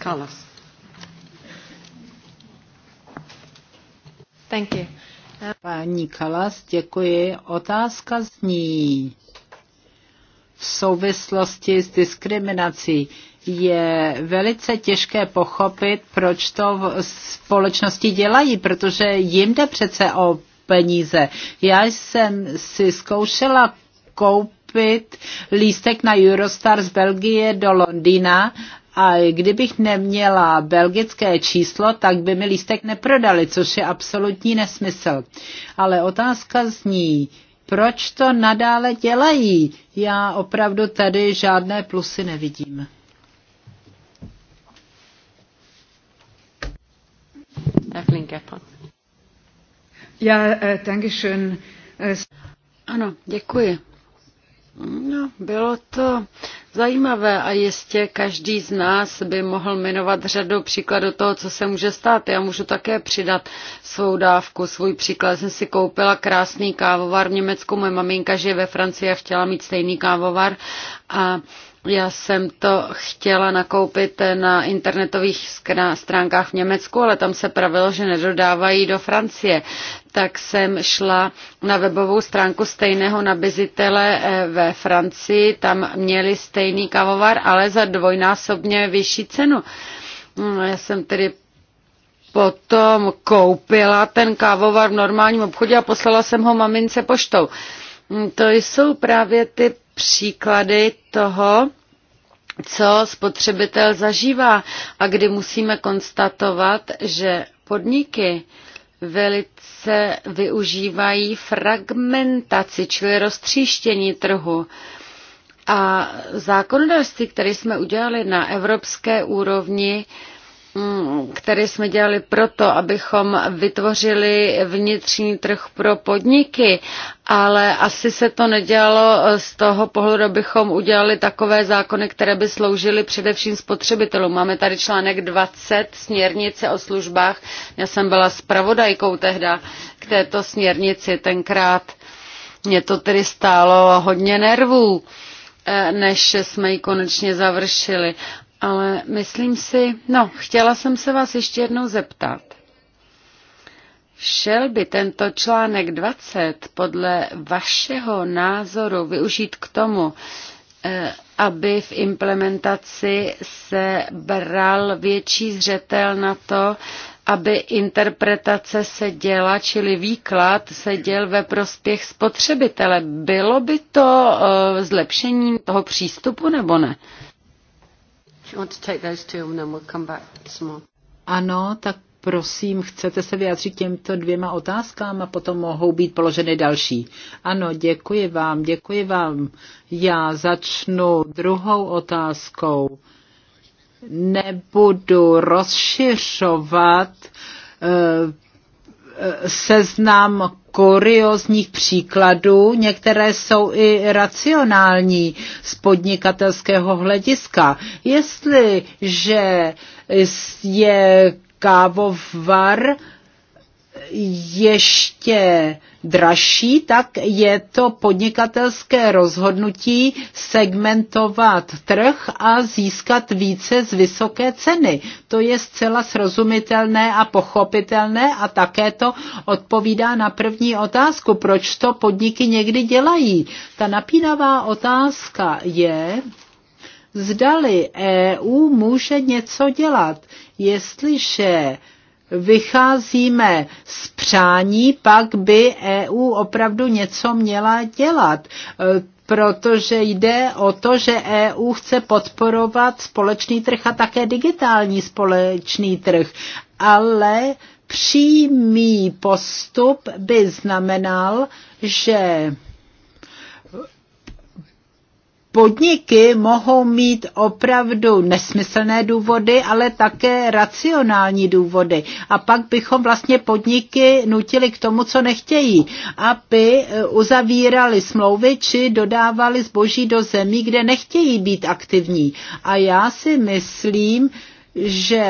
Kallas. Thank you. Paní Kalas, děkuji. Otázka zní v souvislosti s diskriminací je velice těžké pochopit, proč to v společnosti dělají, protože jim jde přece o peníze. Já jsem si zkoušela koupit lístek na Eurostar z Belgie do Londýna a kdybych neměla belgické číslo, tak by mi lístek neprodali, což je absolutní nesmysl. Ale otázka zní, proč to nadále dělají? Já opravdu tady žádné plusy nevidím. Ja, eh, danke schön. Eh, ano, děkuji. No, bylo to zajímavé a jistě každý z nás by mohl jmenovat řadu příkladů toho, co se může stát. Já můžu také přidat svou dávku, svůj příklad. Jsem si koupila krásný kávovar v Německu, moje maminka žije ve Francii a chtěla mít stejný kávovar a já jsem to chtěla nakoupit na internetových stránkách v Německu, ale tam se pravilo, že nedodávají do Francie. Tak jsem šla na webovou stránku stejného nabizitele eh, ve Francii, tam měli stejný kavovar, ale za dvojnásobně vyšší cenu. Mm, já jsem tedy potom koupila ten kávovar v normálním obchodě a poslala jsem ho mamince poštou. Mm, to jsou právě ty příklady toho, co spotřebitel zažívá a kdy musíme konstatovat, že podniky velice využívají fragmentaci, čili roztříštění trhu. A zákonodárství, které jsme udělali na evropské úrovni, mm, které jsme dělali proto, abychom vytvořili vnitřní trh pro podniky ale asi se to nedělalo eh, z toho pohledu, abychom udělali takové zákony, které by sloužily především spotřebitelům. Máme tady článek 20 směrnice o službách. Já jsem byla spravodajkou tehdy k této směrnici tenkrát. Mě to tedy stálo hodně nervů, eh, než jsme ji konečně završili. Ale myslím si, no, chtěla jsem se vás ještě jednou zeptat Šel by tento článek 20 podle vašeho názoru využít k tomu, eh, aby v implementaci se bral větší zřetel na to, aby interpretace se děla, čili výklad se děl ve prospěch spotřebitele. Bylo by to eh, zlepšením toho přístupu nebo ne? Ano, tak Prosím, chcete se vyjádřit těmto dvěma otázkám a potom mohou být položeny další. Ano, děkuji vám, děkuji vám. Já začnu druhou otázkou. Nebudu rozšiřovat eh, eh, seznam kuriozních příkladů, některé jsou i racionální z podnikatelského hlediska. Jestliže je kávovar ještě dražší, tak je to podnikatelské rozhodnutí segmentovat trh a získat více z vysoké ceny. To je zcela srozumitelné a pochopitelné a také to odpovídá na první otázku, proč to podniky někdy dělají. Ta napínavá otázka je, zdali EU může něco dělat. Jestliže vycházíme z přání, pak by EU opravdu něco měla dělat e, protože jde o to, že EU chce podporovat společný trh a také digitální společný trh. Ale přímý postup by znamenal, že podniky mohou mít opravdu nesmyslné důvody, ale také racionální důvody. A pak bychom vlastně podniky nutili k tomu, co nechtějí, aby eh, uzavírali smlouvy či dodávali zboží do zemí, kde nechtějí být aktivní. A já si myslím, že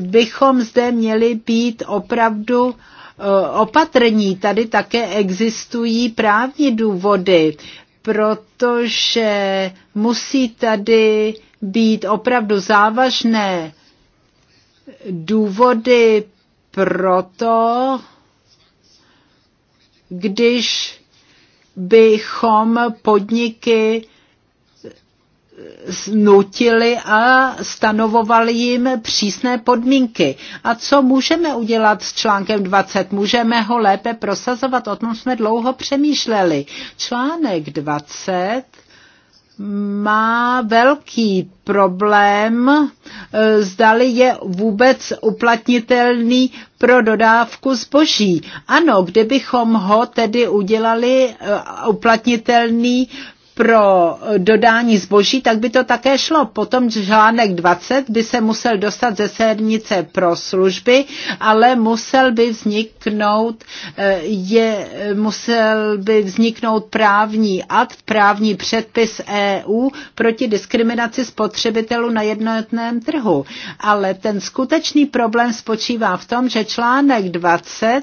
bychom zde měli být opravdu eh, opatrní. Tady také existují právní důvody protože musí tady být opravdu závažné důvody pro to, když bychom podniky znutili a stanovovali jim přísné podmínky. A co můžeme udělat s článkem 20? Můžeme ho lépe prosazovat, o tom jsme dlouho přemýšleli. Článek 20 má velký problém, e, zdali je vůbec uplatnitelný pro dodávku zboží. Ano, kdybychom ho tedy udělali e, uplatnitelný pro dodání zboží, tak by to také šlo. Potom článek 20 by se musel dostat ze sérnice pro služby, ale musel by vzniknout, eh, je, musel by vzniknout právní akt, právní předpis EU proti diskriminaci spotřebitelů na jednotném trhu. Ale ten skutečný problém spočívá v tom, že článek 20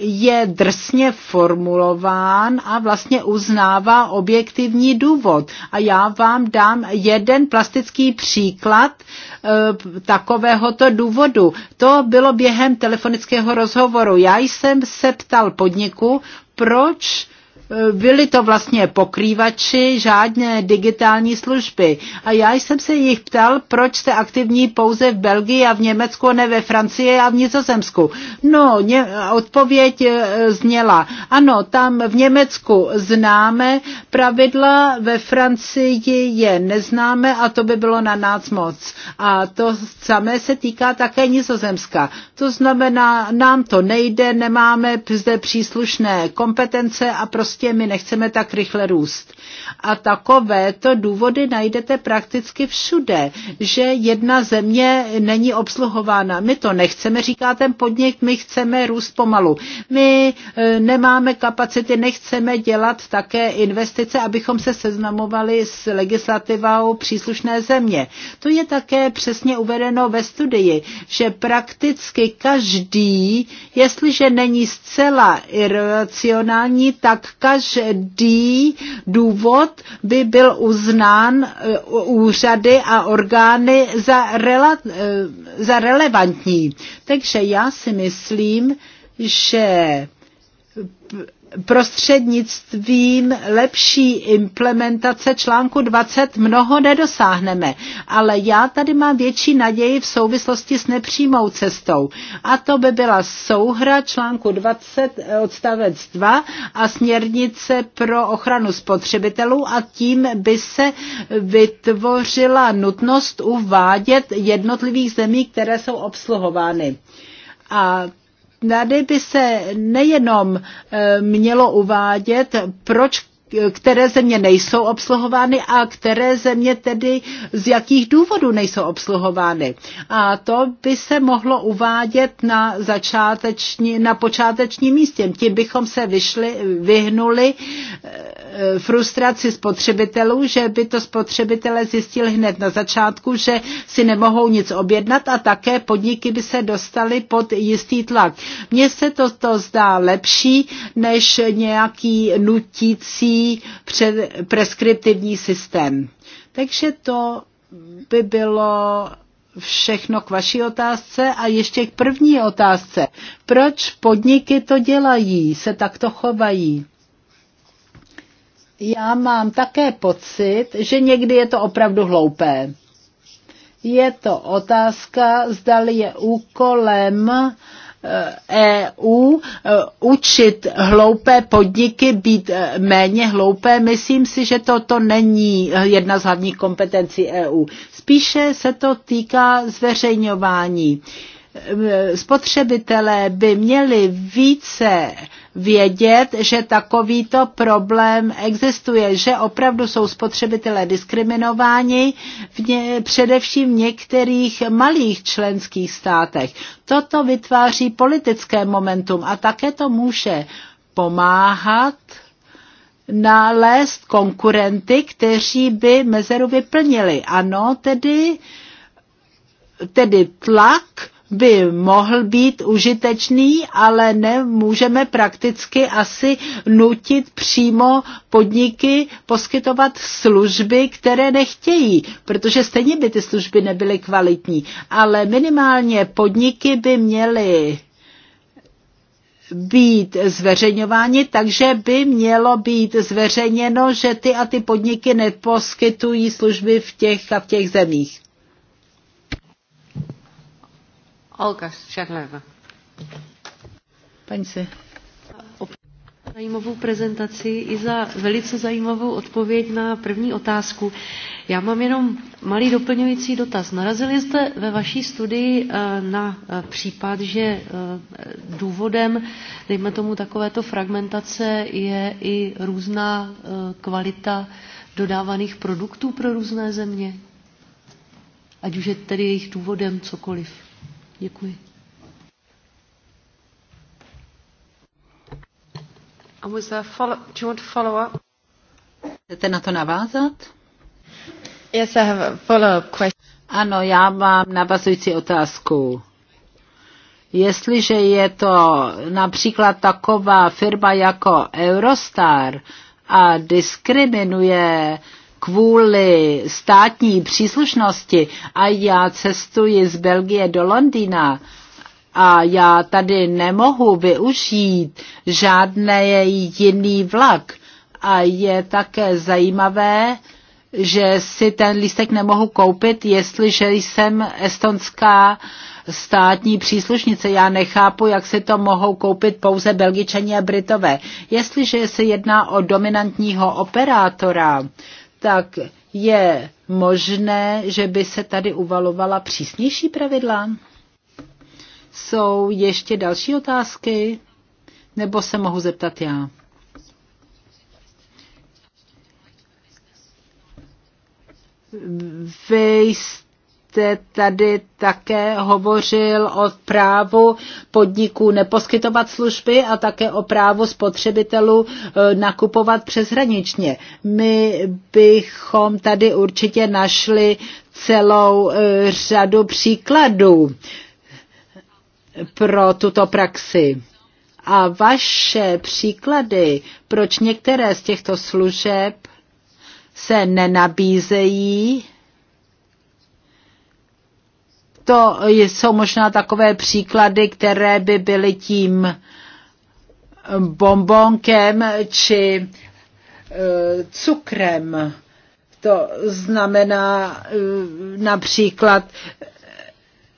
je drsně formulován a vlastně uznává objektivní důvod. A já vám dám jeden plastický příklad e, takovéhoto důvodu. To bylo během telefonického rozhovoru. Já jsem se ptal podniku, proč byli to vlastně pokrývači, žádné digitální služby. A já jsem se jich ptal, proč jste aktivní pouze v Belgii a v Německu, ne ve Francii a v Nizozemsku. No, ně, odpověď e, zněla, ano, tam v Německu známe pravidla, ve Francii je neznáme a to by bylo na nás moc. A to samé se týká také Nizozemska. To znamená, nám to nejde, nemáme zde příslušné kompetence a prostě prostě my nechceme tak rychle růst. A takové to důvody najdete prakticky všude, že jedna země není obsluhována. My to nechceme, říká ten podnik, my chceme růst pomalu. My e, nemáme kapacity, nechceme dělat také investice, abychom se seznamovali s legislativou příslušné země. To je také přesně uvedeno ve studii, že prakticky každý, jestliže není zcela iracionální, tak každý důvod by byl uznán eh, úřady a orgány za, rela, eh, za relevantní. Takže já si myslím, že prostřednictvím lepší implementace článku 20 mnoho nedosáhneme, ale já tady mám větší naději v souvislosti s nepřímou cestou. A to by byla souhra článku 20 eh, odstavec 2 a směrnice pro ochranu spotřebitelů a tím by se vytvořila nutnost uvádět jednotlivých zemí, které jsou obsluhovány. A Tady by se nejenom eh, mělo uvádět, proč které země nejsou obsluhovány a které země tedy z jakých důvodů nejsou obsluhovány. A to by se mohlo uvádět na, začáteční, na počátečním místě. Tím bychom se vyšli, vyhnuli eh, frustraci spotřebitelů, že by to spotřebitelé zjistili hned na začátku, že si nemohou nic objednat a také podniky by se dostaly pod jistý tlak. Mně se to, to zdá lepší než nějaký nutící nový preskriptivní systém. Takže to by bylo všechno k vaší otázce a ještě k první otázce. Proč podniky to dělají, se takto chovají? Já mám také pocit, že někdy je to opravdu hloupé. Je to otázka, zdali je úkolem EU eh, e eh, učit hloupé podniky být eh, méně hloupé, myslím si, že toto není jedna z hlavních kompetencí EU. Spíše se to týká zveřejňování. Uh, spotřebitelé by měli více vědět, že takovýto problém existuje, že opravdu jsou spotřebitelé diskriminováni v ně, především v některých malých členských státech. Toto vytváří politické momentum a také to může pomáhat nalézt konkurenty, kteří by mezeru vyplnili. Ano, tedy, tedy tlak, by mohl být užitečný, ale nemůžeme prakticky asi nutit přímo podniky poskytovat služby, které nechtějí, protože stejně by ty služby nebyly kvalitní. Ale minimálně podniky by měly být zveřejňováni, takže by mělo být zveřejněno, že ty a ty podniky neposkytují služby v těch a v těch zemích. Olga Šerleva. Paní se. Zajímavou prezentaci i za velice zajímavou odpověď na první otázku. Já mám jenom malý doplňující dotaz. Narazili jste ve vaší studii eh, na eh, případ, že eh, důvodem, dejme tomu takovéto fragmentace, je i různá kvalita dodávaných produktů pro různé země? Ať už je tedy jejich důvodem cokoliv. Děkuji. A můžete uh, follow, follow up? Chcete na to navázat? Yes, I have a follow-up question. Ano, já mám navazující otázku. Jestliže je to například taková firma jako Eurostar a diskriminuje kvůli státní příslušnosti a já cestuji z Belgie do Londýna a já tady nemohu využít žádný jiný vlak. A je také zajímavé, že si ten lístek nemohu koupit, jestliže jsem estonská státní příslušnice. Já nechápu, jak si to mohou koupit pouze Belgičani a Britové. Jestliže se jedná o dominantního operátora, tak je možné, že by se tady uvalovala přísnější pravidla? Jsou ještě další otázky? Nebo se mohu zeptat já? Vy jste jste tady také hovořil o právu podniků neposkytovat služby a také o právu spotřebitelů e, nakupovat přeshraničně. My bychom tady určitě našli celou e, řadu příkladů pro tuto praxi. A vaše příklady, proč některé z těchto služeb se nenabízejí, to jsou možná takové příklady, které by byly tím bombonkem či eh, cukrem. To znamená eh, například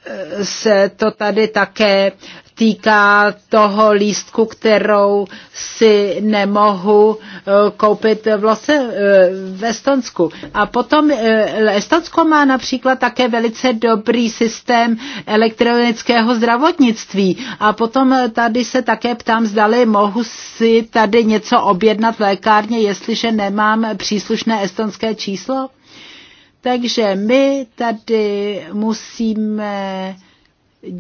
eh, se to tady také týká toho lístku, kterou si nemohu eh, koupit v, Lose, eh, v Estonsku. A potom eh, Estonsko má například také velice dobrý systém elektronického zdravotnictví. A potom tady se také ptám, zdali mohu si tady něco objednat v lékárně, jestliže nemám příslušné estonské číslo. Takže my tady musíme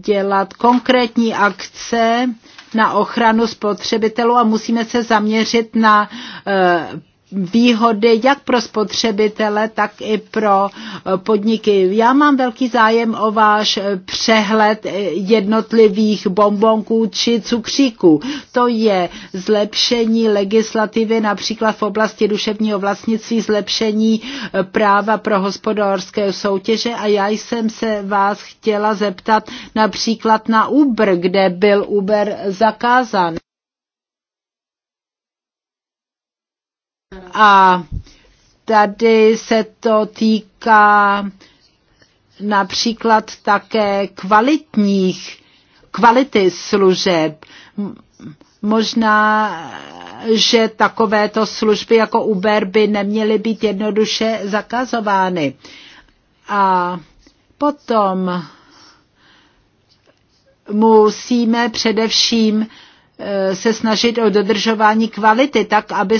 dělat konkrétní akce na ochranu spotřebitelů a musíme se zaměřit na eh, výhody jak pro spotřebitele, tak i pro eh, podniky. Já mám velký zájem o váš eh, přehled eh, jednotlivých bombonků či cukříků. To je zlepšení legislativy například v oblasti duševního vlastnictví, zlepšení práva pro hospodářské soutěže a já jsem se vás chtěla zeptat například na Uber, kde byl Uber zakázán. A tady se to týká například také kvalitních, kvality služeb. Možná, že takovéto služby jako Uber by neměly být jednoduše zakazovány. A potom musíme především Eh, se snažit o dodržování kvality, tak aby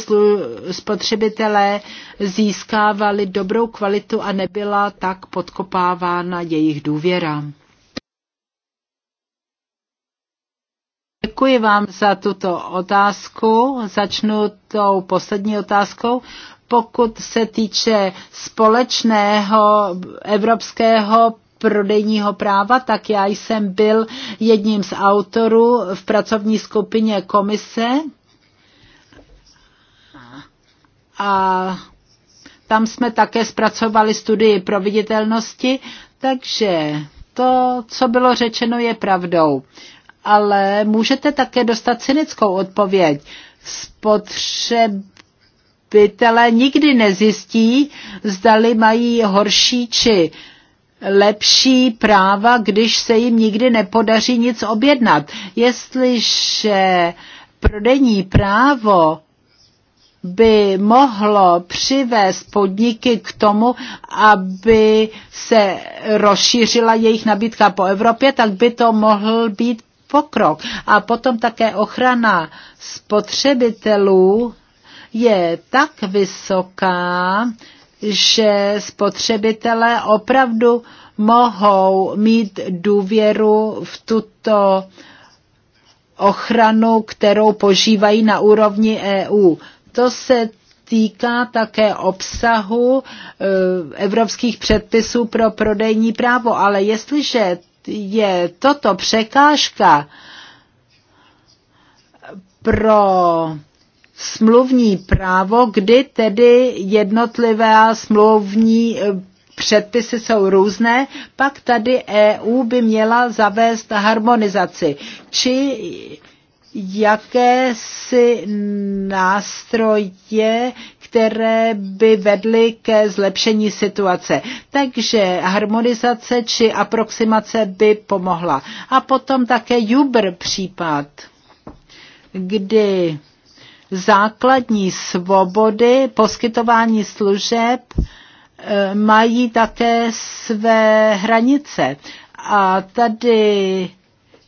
spotřebitelé získávali dobrou kvalitu a nebyla tak podkopávána jejich důvěra. Děkuji vám za tuto otázku. Začnu tou poslední otázkou. Pokud se týče společného evropského prodejního práva, tak já jsem byl jedním z autorů v pracovní skupině komise a tam jsme také zpracovali studii proveditelnosti, takže to, co bylo řečeno, je pravdou. Ale můžete také dostat cynickou odpověď. Spotřebitelé nikdy nezjistí, zdali mají horší či uh, lepší práva, když se jim nikdy nepodaří nic objednat. Jestliže prodejní právo by mohlo přivést podniky k tomu, aby se rozšířila jejich nabídka po Evropě, tak by to mohl být pokrok. A potom také ochrana spotřebitelů je tak vysoká, že spotřebitelé opravdu mohou mít důvěru v tuto ochranu, kterou požívají na úrovni EU. To se týká také obsahu eh, evropských předpisů pro prodejní právo, ale jestliže je toto překážka pro smluvní právo, kdy tedy jednotlivé smluvní eh, předpisy jsou různé, pak tady EU by měla zavést harmonizaci. Či jakési nástroje, které by vedly ke zlepšení situace. Takže harmonizace či aproximace by pomohla. A potom také Juber případ, kdy základní svobody poskytování služeb e, mají také své hranice. A tady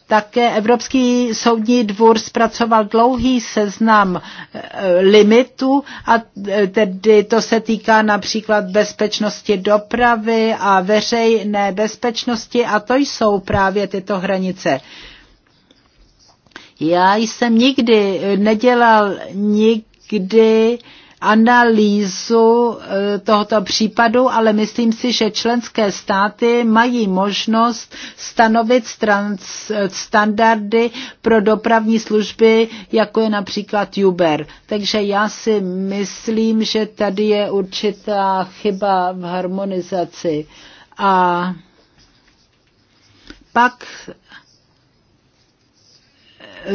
také Evropský soudní dvůr zpracoval dlouhý seznam e, limitů a e, tedy to se týká například bezpečnosti dopravy a veřejné bezpečnosti a to jsou právě tyto hranice. Já jsem nikdy eh, nedělal nikdy analýzu eh, tohoto případu, ale myslím si, že členské státy mají možnost stanovit standardy pro dopravní služby, jako je například Uber. Takže já si myslím, že tady je určitá chyba v harmonizaci. A pak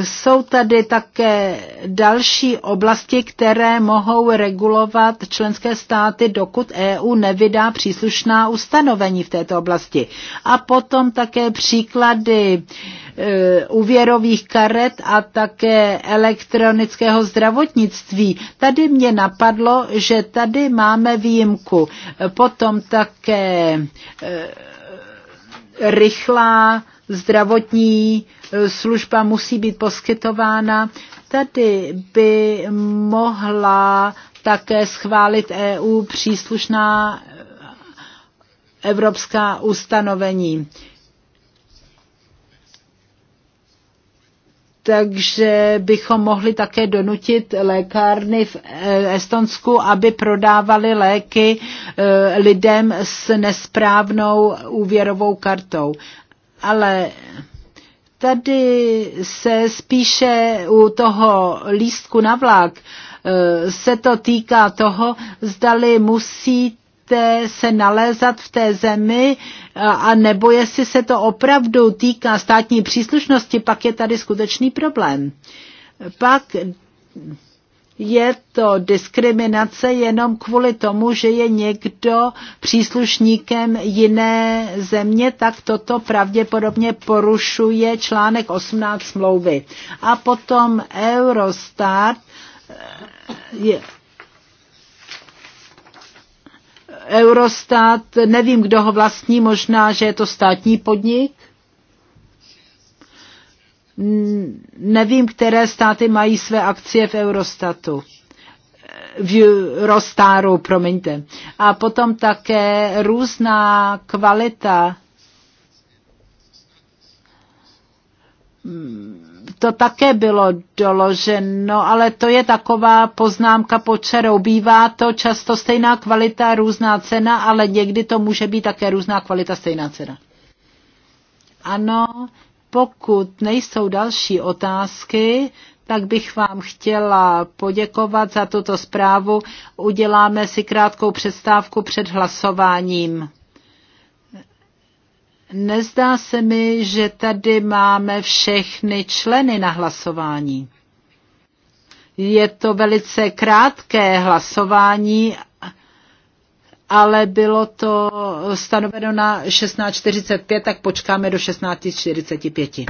jsou tady také další oblasti, které mohou regulovat členské státy, dokud EU nevydá příslušná ustanovení v této oblasti. A potom také příklady e, úvěrových karet a také elektronického zdravotnictví. Tady mě napadlo, že tady máme výjimku. Potom také e, rychlá zdravotní služba musí být poskytována. Tady by mohla také schválit EU příslušná evropská ustanovení. takže bychom mohli také donutit lékárny v e, Estonsku, aby prodávali léky e, lidem s nesprávnou úvěrovou kartou. Ale tady se spíše u toho lístku na vlak e, se to týká toho, zdali musíte se nalézat v té zemi a nebo jestli se to opravdu týká státní příslušnosti, pak je tady skutečný problém. Pak je to diskriminace jenom kvůli tomu, že je někdo příslušníkem jiné země, tak toto pravděpodobně porušuje článek 18 smlouvy. A potom Eurostat eh, je, Eurostat, nevím, kdo ho vlastní, možná, že je to státní podnik, Nevím, které státy mají své akcie v Eurostatu v Eurostaru, promiňte. A potom také různá kvalita. To také bylo doloženo, ale to je taková poznámka pod čarou. Bývá to často stejná kvalita, různá cena, ale někdy to může být také různá kvalita, stejná cena. Ano, pokud nejsou další otázky, tak bych vám chtěla poděkovat za tuto zprávu. Uděláme si krátkou přestávku před hlasováním. Nezdá se mi, že tady máme všechny členy na hlasování. Je to velice krátké hlasování ale bylo to stanoveno na 16.45, tak počkáme do 16.45.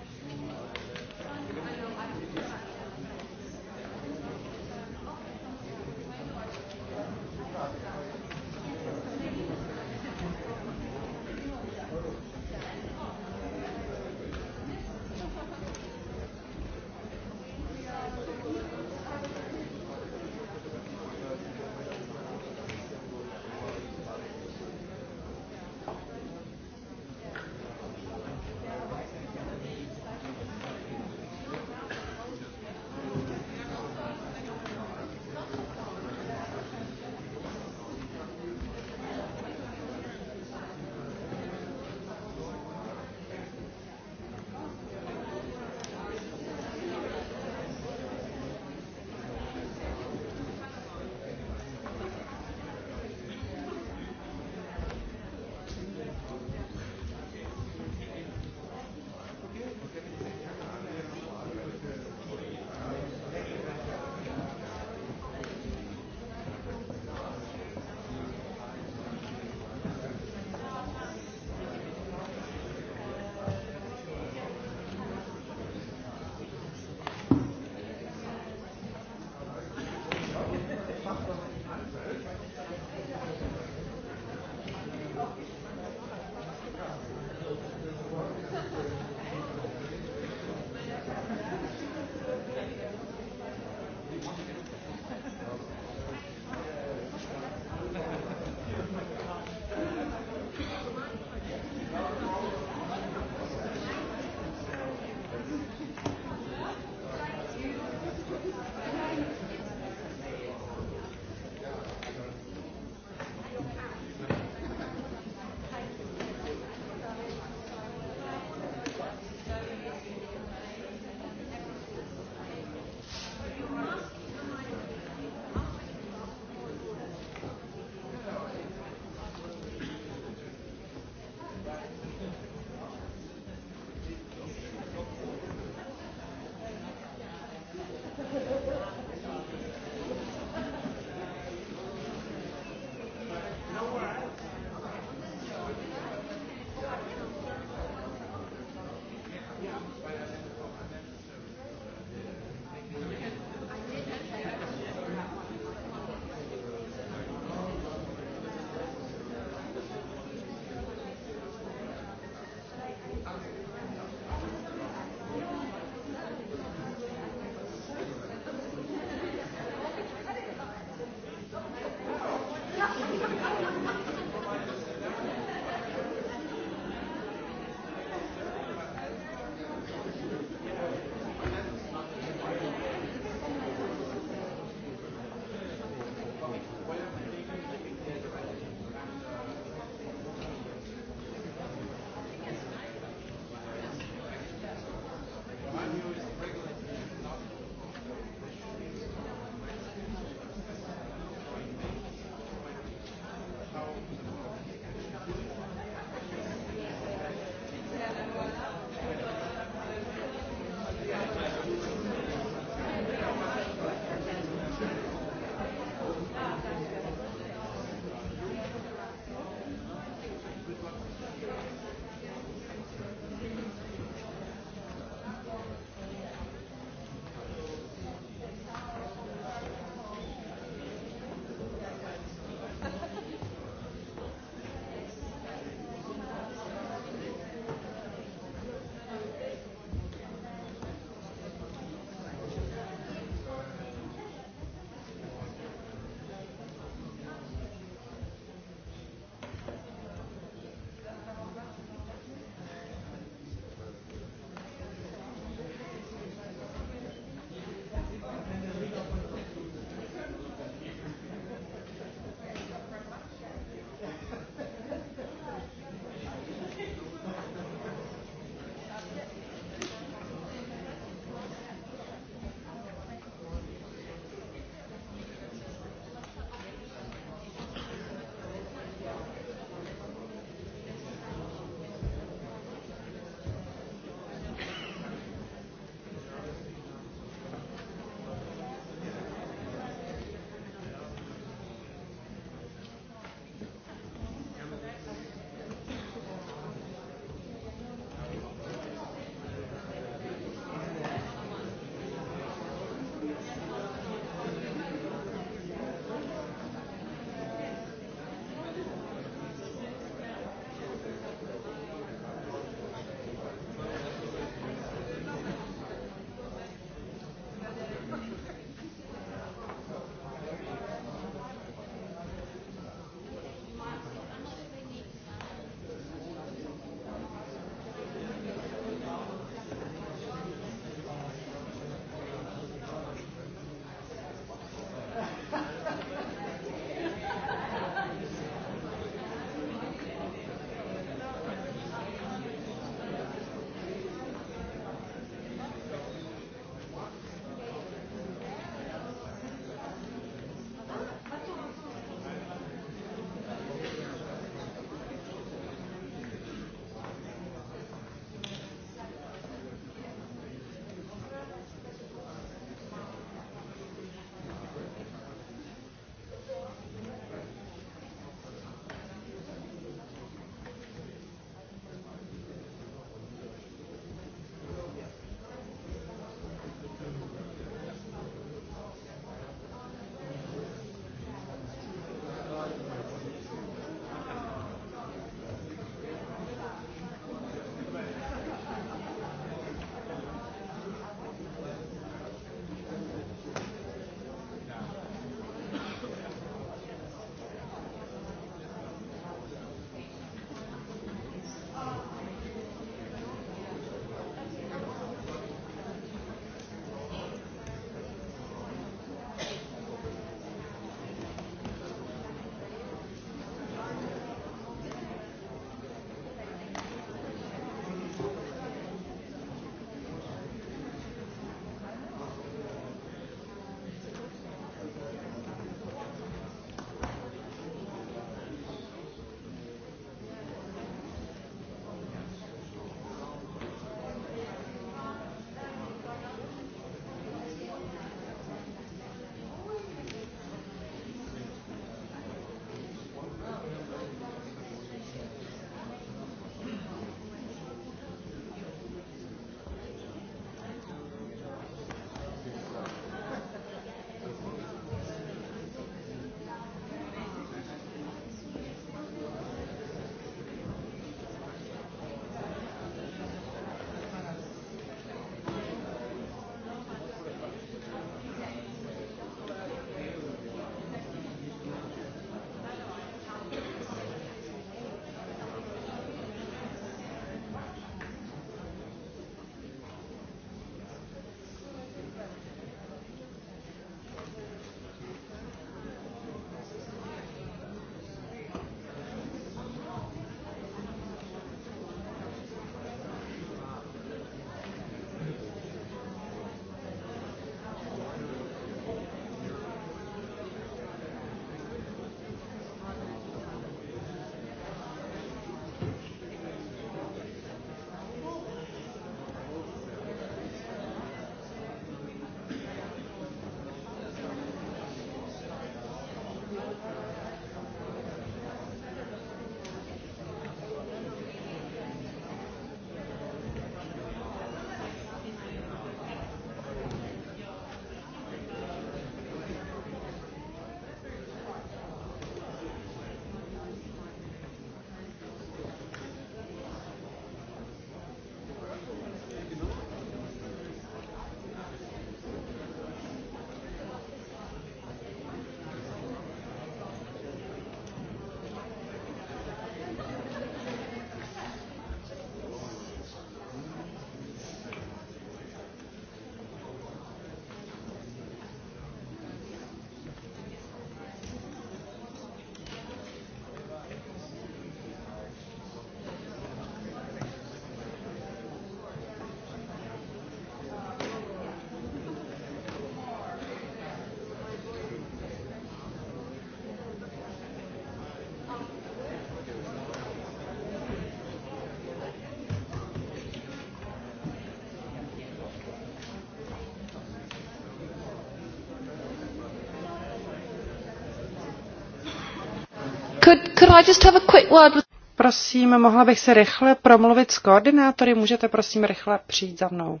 Prosím, mohla bych se rychle promluvit s koordinátory? Můžete prosím rychle přijít za mnou.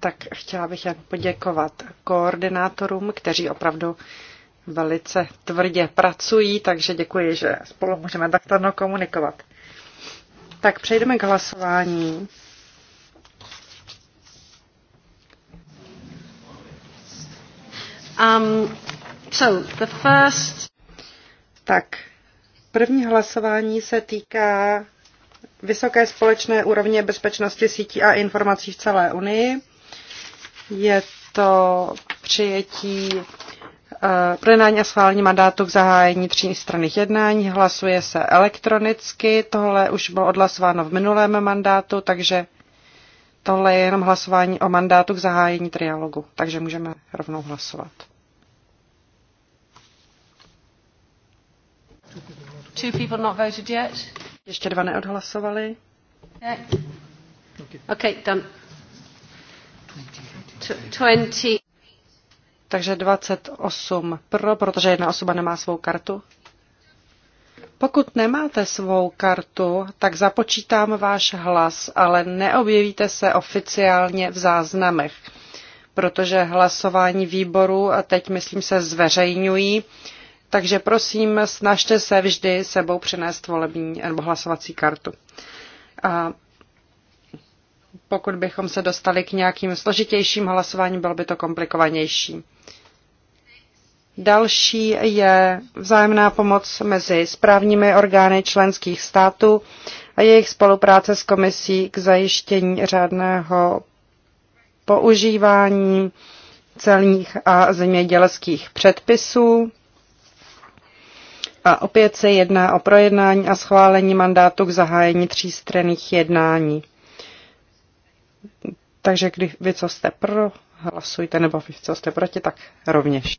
Tak chtěla bych jak poděkovat koordinátorům, kteří opravdu velice tvrdě pracují, takže děkuji, že spolu můžeme tak takto komunikovat. Tak přejdeme k hlasování. Um, so the first... Tak, první hlasování se týká vysoké společné úrovně bezpečnosti sítí a informací v celé Unii. Je to přijetí eh, projednání a schválení mandátu k zahájení tří straných jednání. Hlasuje se elektronicky. Tohle už bylo odhlasováno v minulém mandátu, takže tohle je jenom hlasování o mandátu k zahájení trialogu. Takže můžeme rovnou hlasovat. Two people not voted yet. Ještě dva neodhlasovali. Okay, done. 20. Takže 28 pro, protože jedna osoba nemá svou kartu. Pokud nemáte svou kartu, tak započítám váš hlas, ale neobjevíte se oficiálně v záznamech, protože hlasování výboru a teď myslím se zveřejňují takže prosím, snažte se vždy sebou přinést volební nebo hlasovací kartu. A pokud bychom se dostali k nějakým složitějším hlasováním, bylo by to komplikovanější. Další je vzájemná pomoc mezi správními orgány členských států a jejich spolupráce s komisí k zajištění řádného používání celních a zemědělských předpisů a opět se jedná o projednání a schválení mandátu k zahájení třístranných jednání. Takže když vy, co jste pro, hlasujte, nebo vy, co jste proti, tak rovněž.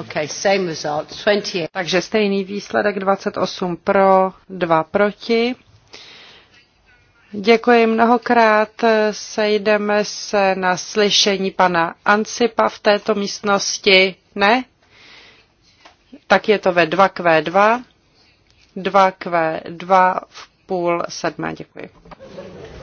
Okay, same result, 28. Takže stejný výsledek 28 pro, 2 proti. Děkuji mnohokrát. Sejdeme se na slyšení pana Ancipa v této místnosti. Ne? Tak je to ve 2Q2. 2Q2 v půl sedmé. Děkuji.